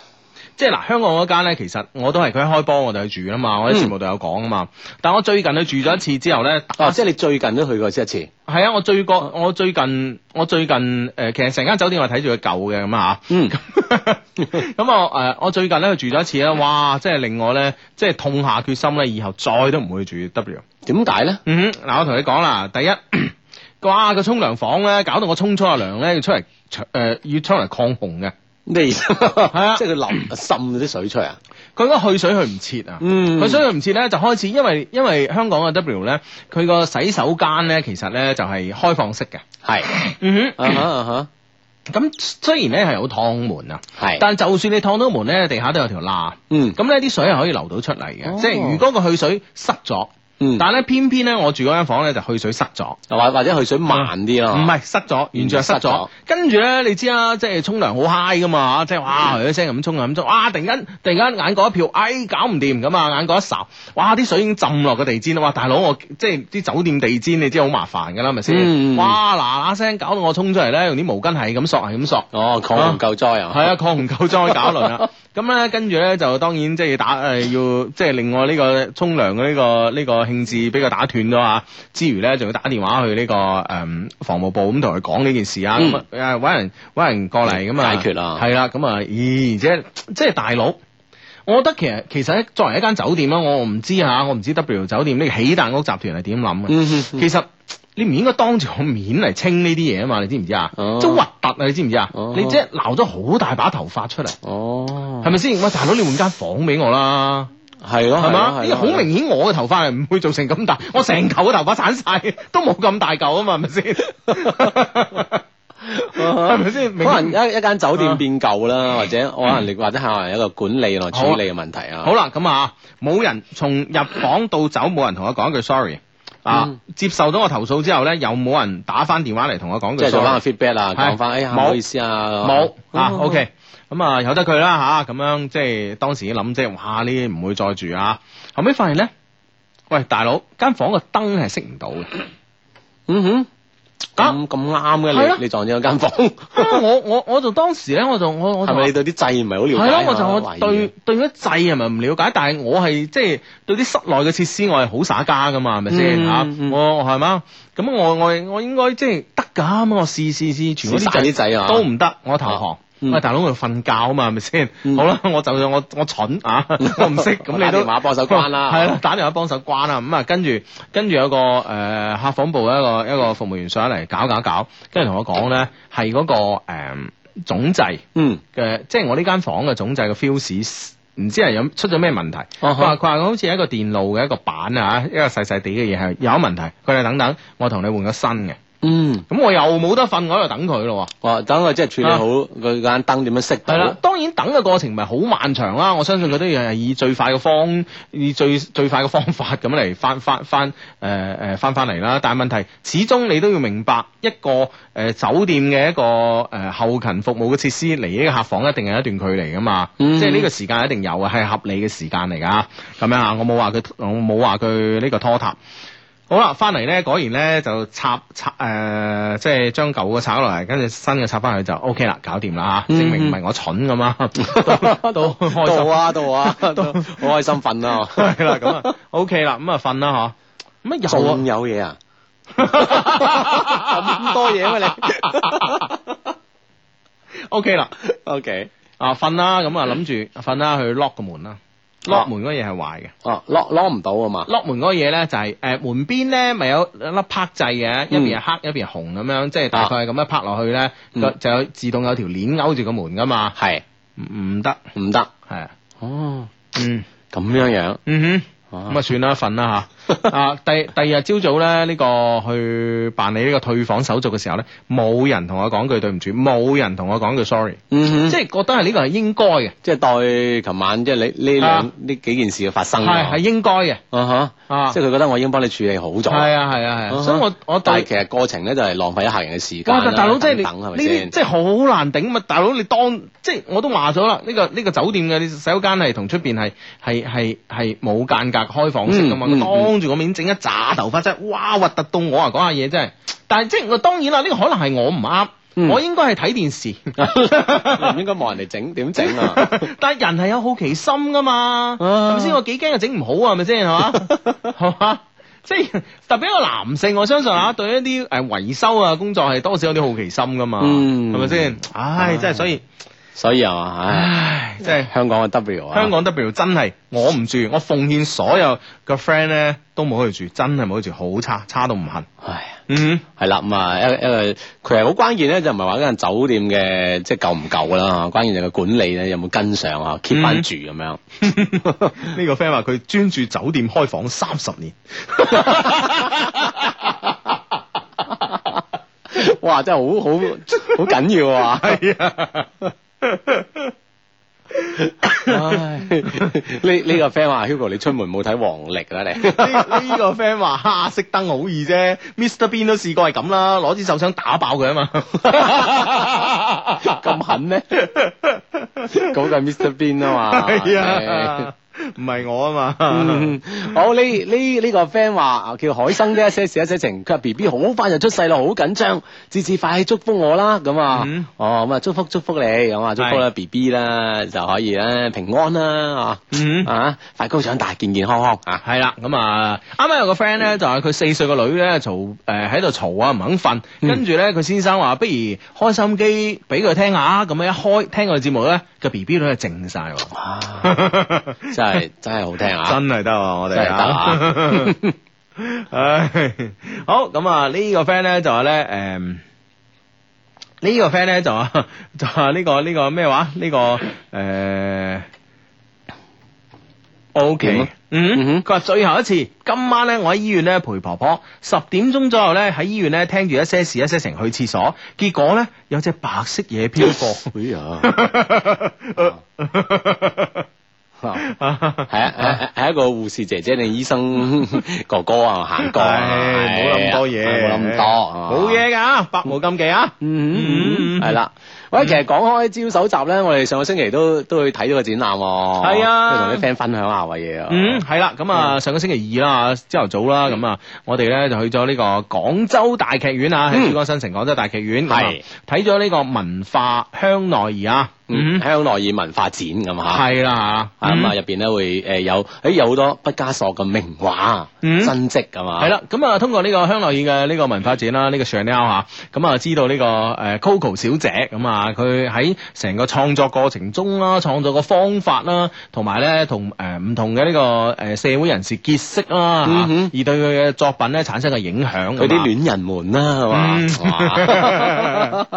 即係嗱，香港嗰間咧，其實我都係佢開波我哋去住啦嘛，我喺節目度有講噶嘛。但係我最近去住咗一次之後咧，啊啊、即係你最近都去過一次？係啊，我最過我最近我最近誒，其實成間酒店我睇住佢舊嘅咁啊吓。嗯，咁我誒，我最近咧去住咗一次咧，哇！即係令我咧，即係痛下決心咧，以後再都唔會住 W。點解咧？嗯哼，嗱，我同你講啦，第一，哇個沖涼房咧，搞到我沖沖下涼咧要出嚟，誒、呃、要出嚟抗洪嘅。咩係啊， 即係佢淋滲啲 水出嚟啊！佢嗰個去水去唔切啊！嗯，佢水去唔切咧，就開始因為因為香港嘅 W 咧，佢個洗手間咧，其實咧就係開放式嘅。係是，嗯哼，咁 雖然咧係有趟門啊，係是，但係就算你趟到門咧，地下都有條罅。嗯，咁咧啲水係可以流到出嚟嘅。哦、即係如果個去水塞咗。嗯、但係咧偏偏咧，我住嗰間房咧就去水塞咗，或或者去水慢啲咯。唔係塞咗，完全係塞咗。跟住咧，你知啦，即係沖涼好嗨噶嘛，即係嘩，一、呃嗯嗯、聲咁沖啊咁沖，哇！突然間突然間眼角一瞟，哎，搞唔掂噶嘛，眼角一睄，哇！啲水已經浸落個地氈啦。哇，大佬，我即係啲酒店地氈，你知好麻煩噶啦，咪先、嗯啊。哇，嗱嗱聲搞到我衝出嚟咧，用啲毛巾係咁索係咁索。索哦，抗洪救災啊！係 啊，抗洪救災搞一輪啦。咁咧跟住咧就當然即係打誒要即係另外呢、這個沖涼嘅呢個呢個。這個興致俾佢打斷咗啊！之餘咧，仲要打電話去呢個誒，房務部咁同佢講呢件事啊！咁啊、嗯，搵人搵人過嚟咁啊，解決啦！係啦，咁啊，咦，即係即係大佬，我覺得其實其實作為一間酒店啦，我唔知吓，我唔知，我唔知 W 酒店呢喜達屋集團係點諗啊。嗯、哼哼其實你唔應該當住我面嚟清呢啲嘢啊嘛！你知唔知啊？即核突啊！你知唔知啊？哦、你即係留咗好大把頭髮出嚟，係咪先？大佬，你換間房俾我啦！係咯，係嘛？呢，好明顯，我嘅頭髮係唔會造成咁大，我成嚿嘅頭髮散晒，都冇咁大嚿啊嘛，係咪先？係咪先？可能一一間酒店變舊啦，或者可能或者係一個管理同埋處理嘅問題啊。好啦，咁啊，冇人從入房到走冇人同我講一句 sorry 啊！接受到我投訴之後咧，有冇人打翻電話嚟同我講句？即係做翻個 feedback 啦，講翻。哎，唔好意思啊，冇啊，OK。咁啊，由得佢啦吓，咁樣即係當時啲諗，即係哇呢啲唔會再住啊！後尾發現咧，喂大佬，間房嘅燈係熄唔到嘅。嗯哼，咁咁啱嘅，你你撞咗間房。咁我我我就當時咧，我就，我我係咪你對啲掣唔係好了解？係咯，我就我對對咗掣係咪唔了解？但係我係即係對啲室內嘅設施，我係好耍家㗎嘛，係咪先吓？我係嘛？咁我我我應該即係得㗎，咁我試試試，全嗰啲掣都唔得，我投降。嗯、喂，大佬佢瞓覺啊嘛，係咪先？嗯、好啦，我就算我我蠢啊，我唔識，咁 你都也打電話幫手關啦，係啊，打電話幫手關啦。咁、嗯、啊，跟住跟住有個誒、呃、客房部一個一個服務員上嚟搞搞搞，跟住同我講咧係嗰個誒、呃、總掣，嗯，誒即係我呢間房嘅總掣嘅 fuse 唔知係有出咗咩問題。佢話佢話好似係一個電路嘅一個板啊，一個細細地嘅嘢係有問題。佢話等等，我同你換個新嘅。嗯，咁我又冇得瞓，我喺度等佢咯。等佢即係處理好佢間燈點樣熄。係啦、啊，當然等嘅過程咪好漫長啦。我相信佢都要係以最快嘅方，以最最快嘅方法咁嚟翻翻翻誒誒翻翻嚟啦。但係問題始終你都要明白一個誒、呃、酒店嘅一個誒、呃、後勤服務嘅設施離呢個客房一定係一段距離噶嘛。嗯、即係呢個時間一定有嘅，係合理嘅時間嚟噶。咁樣啊，我冇話佢，我冇話佢呢個拖沓。好啦，翻嚟咧，果然咧就插插誒、呃，即係將舊嘅插落嚟，跟住新嘅插翻去就 O、OK、K 啦，搞掂啦吓，嗯、證明唔係我蠢咁 到 啊！都、啊、 到開心啊，都、 OK 嗯嗯、啊，都好開心瞓啦。係啦，咁啊 O K 啦，咁啊瞓啦吓，乜有？有嘢啊？咁多嘢咩？你 O K 啦，O K 啊，瞓、嗯、啦，咁啊諗住瞓啦，去 lock 個門啦。lock 門嗰嘢係壞嘅，哦 lock lock 唔到啊嘛，lock 門嗰嘢咧就係、是、誒、呃、門邊咧咪有一粒拍掣嘅，一邊係黑一邊係紅咁樣，即係大概咁樣拍落去咧、嗯，就有自動有條鏈勾住個門噶嘛，係唔得唔得係啊，哦嗯咁樣樣，嗯哼，咁啊 算啦，瞓啦吓。 啊！第二第二日朝早咧，呢、呢個去辦理呢個退房手續嘅時候咧，冇人同我講句對唔住，冇人同我講句 sorry，、嗯、哼即係覺得係呢個係應該嘅，即係對琴晚即係呢呢兩呢幾件事嘅發生，係係應該嘅，啊哈、uh。Huh. 啊、即係佢覺得我已經幫你處理好咗。係啊，係啊，係、啊。啊、所以我我但係其實過程咧就係、是、浪費咗客人嘅時間。大佬即係你等係咪先？即係好難頂啊嘛。大佬你當即係我都話咗啦，呢、呢個呢、呢個酒店嘅洗手間係同出邊係係係係冇間隔開放式啊嘛！嗯嗯、當住我面整、嗯、一紮頭髮啫，哇核突到我啊！講下嘢真係，但係即係當然啦，呢、呢個可能係我唔啱。嗯、我應該係睇電視，唔應該望人哋整點整啊！但係人係有好奇心㗎嘛，咁先、啊？是是我幾驚又整唔好啊，係咪先？係嘛？係嘛？即係特別一個男性，我相信啊，對一啲誒維修啊工作係多少有啲好奇心㗎嘛，係咪先？是是唉，即係 所以。所以啊，唉，即、就、係、是、香港嘅 W 啊，香港 W 真係我唔住。 我奉勸所有個 friend 咧，都冇去住，真係冇去住，好差，差到唔行。唉，嗯，係啦，咁啊，一一佢係好關鍵咧，就唔係話一間酒店嘅即係夠唔夠啦，關鍵就個管理咧有冇跟上啊，keep 翻住咁樣。呢、嗯、 個 friend 話佢專注酒店開房三十年， 哇，真係好好好緊要啊！ 唉呢呢個 friend 話 Hugo 你出門冇睇黃曆啊你。呢個 friend 話，嚇熄燈好易啫，Mr Bean 都試過係咁啦，攞支手槍打爆佢啊嘛。咁狠咩？嗰個係 Mr Bean 啊嘛。係啊。唔係我啊嘛、嗯，好、哦，呢呢呢個 friend 話叫海生啲一些事一些情，佢 B B 好快就出世啦，好緊張，芝芝快祝福我啦咁啊，嗯、哦咁啊祝福祝福你，咁啊祝福是寶寶啦 B B 啦就可以咧平安啦，嗯、啊啊快高長大健健康康啊，係啦咁啊啱啱有個 friend 咧、嗯、就話佢四歲個女咧嘈誒喺度嘈啊唔肯瞓，嗯、跟住咧佢先生話不如開收音機俾佢聽下，咁樣一開聽個節目咧個 B B 女就靜晒。啊 真係真係好聽啊！真係得啊。我哋等下啊！唉，好咁啊，呢個 friend 咧就話咧、這個，誒，呢個 friend 咧就話就話呢個呢個咩話？呢、這個誒，O K，嗯佢話最後一次，今晚咧我喺醫院咧陪婆婆，十點鐘左右咧喺醫院咧聽住一些事一些情，去廁所，結果咧有隻白色嘢飄過。係啊，係一個護士姐姐定醫生哥哥啊，行過，唔好諗咁多嘢。冇諗咁多，冇嘢噶，百無禁忌啊，嗯，係啦。喂，其實講開招手集咧，我哋上個星期都都去睇咗個展覽，係啊，去同啲 friend 分享下啲嘢啊。嗯，係啦，咁啊，上個星期二啦，朝頭早啦，咁啊，我哋咧就去咗呢個廣州大劇院啊，喺珠江新城廣州大劇院，係睇咗呢個文化香奈兒啊。香奈兒文化展咁吓，係啦吓，咁啊入邊咧會誒有誒有好多畢加索嘅名畫，嗯，真迹係嘛，係啦，咁啊通過呢個香奈兒嘅呢個文化展啦，呢個 Chanel 吓，咁啊知道呢個誒 Coco 小姐咁啊，佢喺成個創作過程中啦，創作嘅方法啦，同埋咧同誒唔同嘅呢個誒社會人士結識啦，而對佢嘅作品咧產生嘅影響，佢啲戀人們啦係嘛，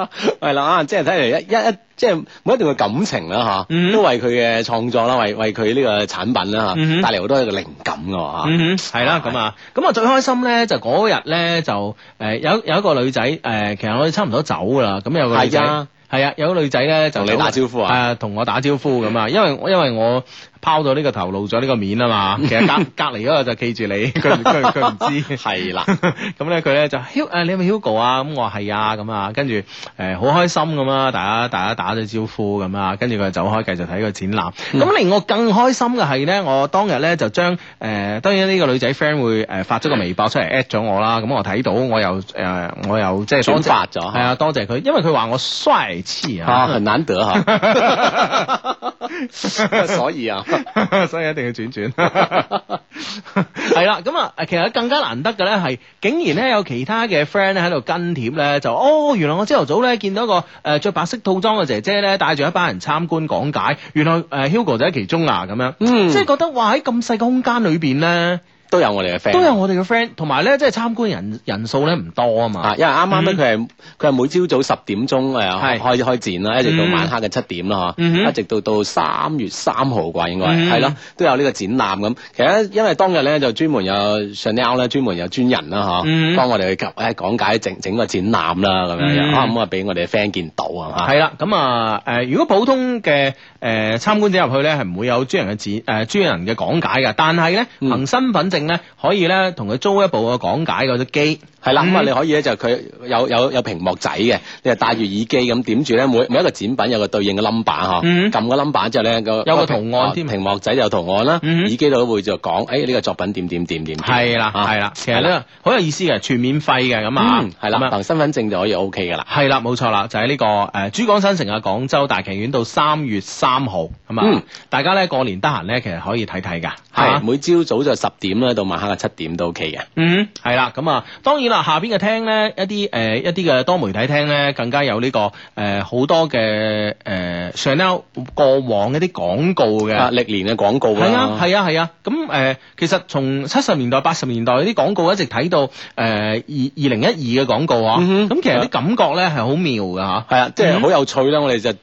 係啦啊，即係睇嚟一一一。即係每一段嘅感情啦，嚇、啊，mm hmm. 都為佢嘅創作啦，為為佢呢個產品啦，嚇、啊，mm hmm. 帶嚟好多一個靈感嘅，嚇、mm。係啦，咁啊，咁是我最開心咧就嗰日咧就誒、呃、有有一個女仔誒、呃，其實我哋差唔多走啦，咁有個女仔，係啊的，有個女仔咧就同你打招呼啊，誒、呃，同我打招呼咁啊，因為因為我。因為我拋到呢個頭露咗呢個面啊嘛，其實隔隔籬嗰個就記住你，佢佢佢唔知。係啦 的，咁咧佢咧就，誒，你係咪 Hugo 啊？咁我係啊，咁啊，跟住誒好開心咁啦，大家大家打咗招呼咁啊，跟住佢就走開繼續睇個展覽。咁令我更開心嘅係咧，我當日咧就將誒、呃，當然呢個女仔 friend 會誒發咗個微博出嚟 at 咗我啦，咁我睇到我、呃，我又誒我又即係轉發咗，係啊、嗯，多謝佢，因為佢話我帥氣啊，很難得啊。 所以啊。 所以一定要轉轉，係啦。咁啊，其實更加難得嘅咧係，竟然咧有其他嘅 friend 咧喺度跟帖咧，就，哦，原來我朝頭早咧見到一個誒著、呃、白色套裝嘅姐姐咧帶住一班人參觀講解，原來誒、呃、Hugo 就喺其中啊，咁樣，嗯，即係覺得話喺咁細個空間裏邊咧。都有我哋嘅 friend，都有我哋嘅 friend，同埋咧，即係參觀人人數咧唔多啊嘛。啊，因為啱啱咧佢係佢係每朝早十點鐘啊開是開展啦，一直到晚黑嘅七點啦，吓、嗯，一直到到三月三號啩，應該係咯，都有呢個展覽咁。其實因為當日咧就專門有上 Out 咧專門有專人啦，吓、嗯，幫我哋去講解講解整整個展覽啦，咁樣、嗯，可唔可以俾我哋嘅 friend 見到啊？係啦、嗯，咁啊吧，誒，如果普通嘅。誒，參觀者入去咧係唔會有專人嘅指誒，專人嘅講解嘅，但係咧憑身份證咧可以咧同佢租一部嘅講解嗰啲機。那個係啦，咁啊你可以咧就佢有有有屏幕仔嘅，你係戴住耳機咁點住咧，每每一個展品有個對應嘅冧板呵，撳個冧板之後咧，個有個圖案添，屏幕仔有圖案啦，耳機度都會就講，誒呢個作品點點點點。係啦，係啦，其實咧好有意思嘅，全免費嘅，咁啊，係啦，憑身份證就可以 O K 㗎啦。係啦，冇錯啦，就喺呢個誒珠江新城啊，廣州大劇院到三月三號。咁啊，大家咧過年得閒咧，其實可以睇睇㗎，係每朝早就十點咧到晚黑嘅七點都 O K 嘅。嗯，係啦，咁啊當然啦。下邊嘅廳咧，一啲誒一啲嘅多媒體廳咧，更加有呢個誒好多嘅誒上樓過往一啲廣告嘅，歷年嘅廣告。係啊係啊係啊，咁誒其實從七十年代八十年代啲廣告一直睇到誒二二零一二嘅廣告啊，咁其實啲感覺咧係好妙嘅吓。係啊，即係好有趣啦！我哋就睇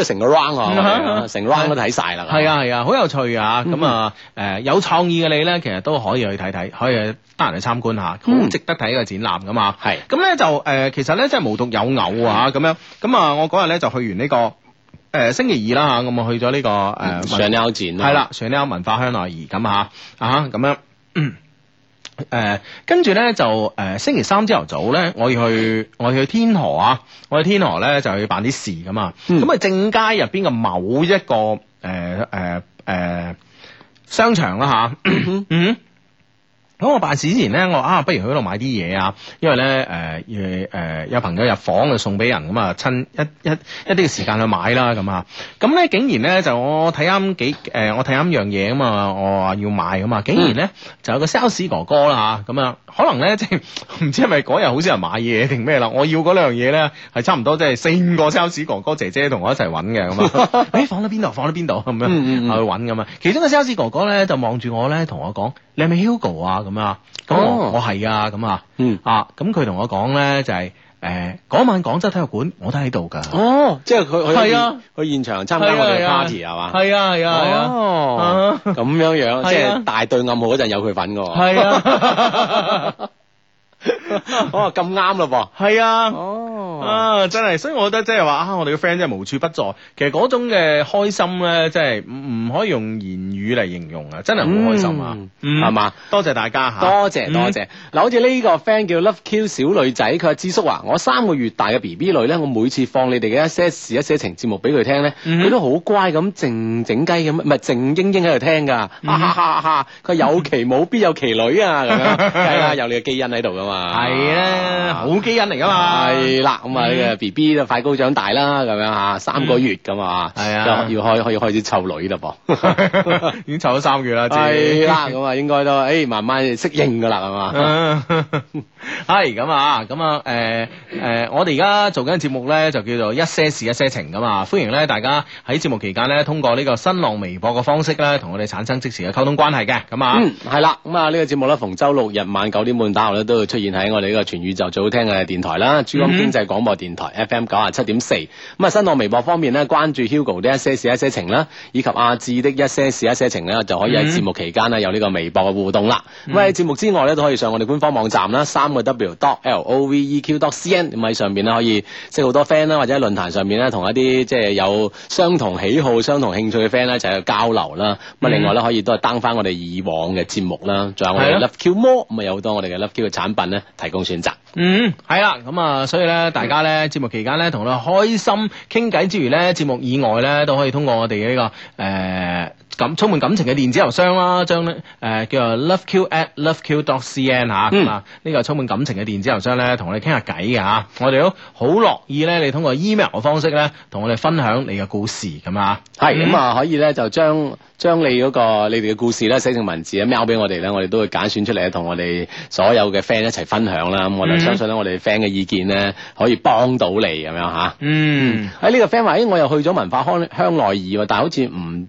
咗成個 round 啊，成個 round 都睇晒啦。係啊係啊，好有趣啊！咁啊誒有創意嘅你咧，其實都可以去睇睇，可以得閒嚟參觀下，好值得睇嘅。展覽噶嘛，係咁咧就誒、呃，其實咧真係無獨有偶啊吓，咁樣咁啊，那我嗰日咧就去完呢、這個誒、呃、星期二啦吓，我咪去咗呢、這個上紐、呃、展、嗯，係啦上紐文化香奈兒咁吓啊咁、啊、樣，誒跟住咧就誒、呃、星期三朝頭早咧我要去我要去天河啊，我去天河咧就去辦啲事咁嘛。咁啊、嗯、正街入邊嘅某一個誒誒誒商場啦吓，嗯。 咁我辦事之前咧，我啊，不如去嗰度買啲嘢啊，因為咧，誒、呃，誒、呃，有朋友入房就送俾人，咁啊，趁一一一啲嘅時間去買啦，咁啊，咁咧竟然咧就我睇啱幾，誒，我睇啱樣嘢啊嘛，我話要買咁啊，竟然咧就,、呃、就有個 sales 哥哥啦嚇，咁樣,樣，可能咧即係唔知係咪嗰日好少人買嘢定咩啦，我要嗰兩樣嘢咧係差唔多，即係四五個 sales 哥哥姐姐同我一齊揾嘅咁啊，誒，放喺邊度？放喺邊度？咁樣、嗯嗯、去揾咁啊，其中個 sales 哥哥咧就望住我咧，同我講，你係咪 Hugo 啊？咁啊，咁我係啊，咁啊，啊，咁佢同我講咧就係，誒，嗰晚廣州體育館我都喺度噶，哦，即係佢去現場參加我哋 party 係嘛？係啊係啊，哦，咁樣樣，即係大對暗號嗰陣有佢份噶，係啊，哦咁啱啦噃，係啊。啊，真係，所以我覺得即係話啊，我哋嘅 friend 真係無處不在。其實嗰種嘅開心咧，真係唔唔可以用言語嚟形容啊！真係好開心啊，係嘛？多謝大家吓，多謝多謝。嗱，好似呢個 friend 叫 Love Q 小女仔，佢阿智叔話：我三個月大嘅 B B 女咧，我每次放你哋嘅一些事、一些情節目俾佢聽咧，佢都好乖咁靜靜雞咁，唔係靜嚶嚶喺度聽噶。哈哈哈！佢有其母必有其女啊，咁樣梗係啦，有你嘅基因喺度噶嘛。係啊，好基因嚟噶嘛。係啦。咁啊，呢個 BB 就快高長大啦，咁樣吓，三個月咁啊，係啊，要開可以開始湊女啦噃，已經湊咗三個月啦，係啦，咁啊，應該都，誒，慢慢適應噶啦，係嘛，係咁啊，咁啊，誒，誒，我哋而家做緊節目咧，就叫做一些事一些情咁啊，歡迎咧大家喺節目期間咧，通過呢個新浪微博嘅方式咧，同我哋產生即時嘅溝通關係嘅，咁啊，嗯，係啦，咁啊，呢個節目咧，逢周六日晚九點半打後咧，都會出現喺我哋呢個全宇宙最好聽嘅電台啦，珠江經濟廣。廣播電台 FM 九啊七點四，咁啊新浪微博方面咧，關注 Hugo 的一些事一些情啦，以及阿志的一些事一些情咧，就可以喺節目期間咧有呢個微博嘅互動啦。咁喺、mm hmm. 節目之外咧，都可以上我哋官方網站啦，mm hmm. 三個 W dot L O V E Q dot C N 咁、嗯、喺上邊咧可以識好多 friend 啦，或者喺論壇上面咧同一啲即係有相同喜好、相同興趣嘅 friend 咧就去交流啦。咁、mm hmm. 另外咧可以都係登 o 翻我哋以往嘅節目啦，仲有我哋、mm hmm. Love Q 魔咁啊有好多我哋嘅 Love Q 嘅產品咧提供選擇。嗯、mm，係、hmm. 啦、mm，咁啊所以咧大。Hmm. Mm hmm. mm hmm. 家咧，節目期間咧，同你開心傾偈之餘咧，節目以外咧，都可以通過我哋嘅呢個誒、呃充滿感情嘅電子郵箱啦，將誒、呃、叫做 love q at love q dot c n 嚇咁啊，呢、嗯這個充滿感情嘅電子郵箱咧，同我哋傾下偈嘅嚇，我哋都好樂意咧。你通過 email 嘅方式咧，同我哋分享你嘅故事咁啊，係咁是、嗯那個、啊，可以咧就將將你嗰個你哋嘅故事咧寫成文字啊，mail 俾我哋咧，我哋都會揀選出嚟，同我哋所有嘅 friend 一齊分享啦。咁我就相信咧，我哋 friend 嘅意見咧可以幫到你咁樣吓，啊、嗯，喺呢、嗯嗯啊這個 friend 話、哎：，咦，我又去咗文化香香奈兒喎，但係好似唔。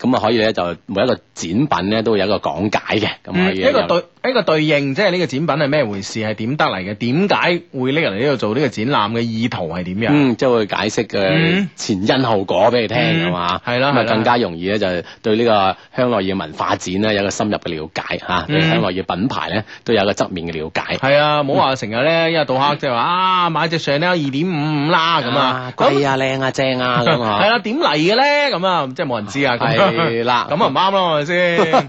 咁啊，可以咧就每一個展品咧都會有一個講解嘅。咁可以一個對一個對應，即係呢個展品係咩回事，係點得嚟嘅？點解會拎人嚟呢度做呢個展覽嘅意圖係點樣？即係會解釋嘅前因後果俾你聽係嘛？係啦，咁啊更加容易咧就對呢個香奈兒文化展咧有一個深入嘅了解嚇，對香奈兒品牌咧都有個側面嘅了解。係啊，冇話成日咧一日到黑即係話啊買一隻 Chanel 二點五五啦咁啊貴啊靚啊正啊咁啊。係啦，點嚟嘅咧咁啊，即係冇人知啊。係啦，咁啊唔啱咯，係咪先？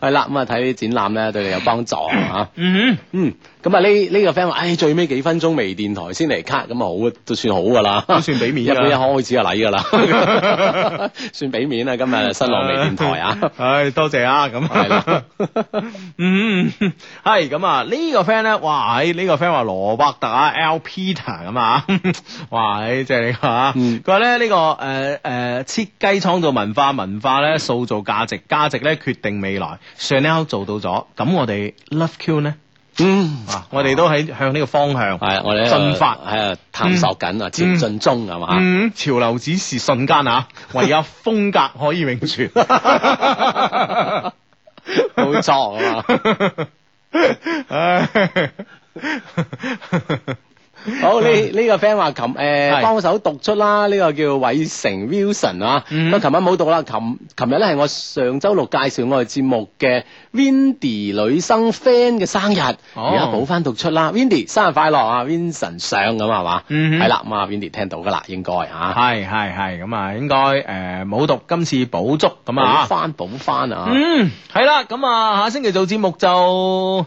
係啦，咁啊睇展覽咧，對你有幫助吓。嗯 嗯。 咁啊呢呢個 friend 話：，唉、哎，最尾幾分鐘微電台先嚟卡，咁啊好啊，都算好噶啦，都算俾面啊！ 一開始就嚟噶啦， 算俾面啦！ 今日新浪微電台啊，唉、 哎，多謝啊！咁啊，嗯，係咁啊，個呢個 friend 咧，哇！呢、這個 friend 話羅伯特啊，L Peter 咁啊，哇！唉，真係。」啊，佢話咧呢、這個誒誒設計創造文化文化咧，塑造價值價值咧決定未來上 Now 做到咗，咁我哋 Love Q 咧？嗯，啊，我哋都喺向呢個方向，係我哋進發，係啊探索緊啊、嗯，前進中係嘛，嗯，嗎嗯，潮流只是瞬間啊， 唯有風格可以永存， 好作啊吧，嘛 唉。 好，呢呢、這個 friend 話琴誒幫手讀出啦，呢、這個叫偉成 Wilson 啊，咁琴、嗯、哼，琴晚冇讀啦，琴琴日咧係我上週六介紹我哋節目嘅 Windy 女生 friend 嘅生日，而家補翻讀出啦 Windy 生日快樂啊 Wilson 上咁係嘛？係啦，咁啊 Windy 聽到㗎啦，應該嚇，係係係咁啊，應該誒冇讀，今次補足咁啊，補翻補翻啊，嗯，係啦，咁啊下星期做節目就。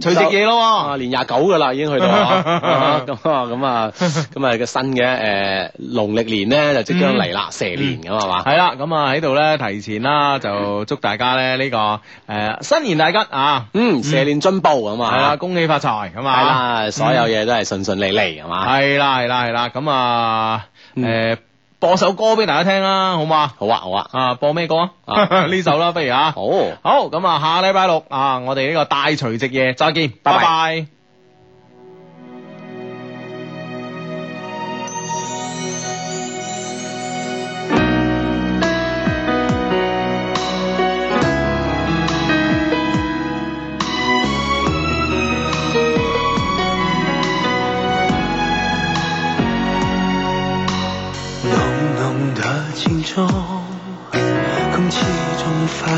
除夕夜咯喎！啊，年廿九噶啦，已經去到啊！咁啊，咁啊，咁啊，個新嘅誒，農曆年咧就即將嚟啦，蛇年咁啊嘛！係啦，咁啊喺度咧，提前啦，就祝大家咧呢個誒新年大吉啊！嗯，蛇年進步咁啊！係啦，恭喜發財咁啊！係啦，所有嘢都係順順利利係嘛？係啦，係啦，係啦，咁啊誒。播首歌畀大家聽啦，好嘛？好啊，好啊，啊，播咩歌啊？啊，呢 首啦，不如啊，好好咁啊，下禮拜六啊，我哋呢個大除夕夜再見，拜拜。拜拜。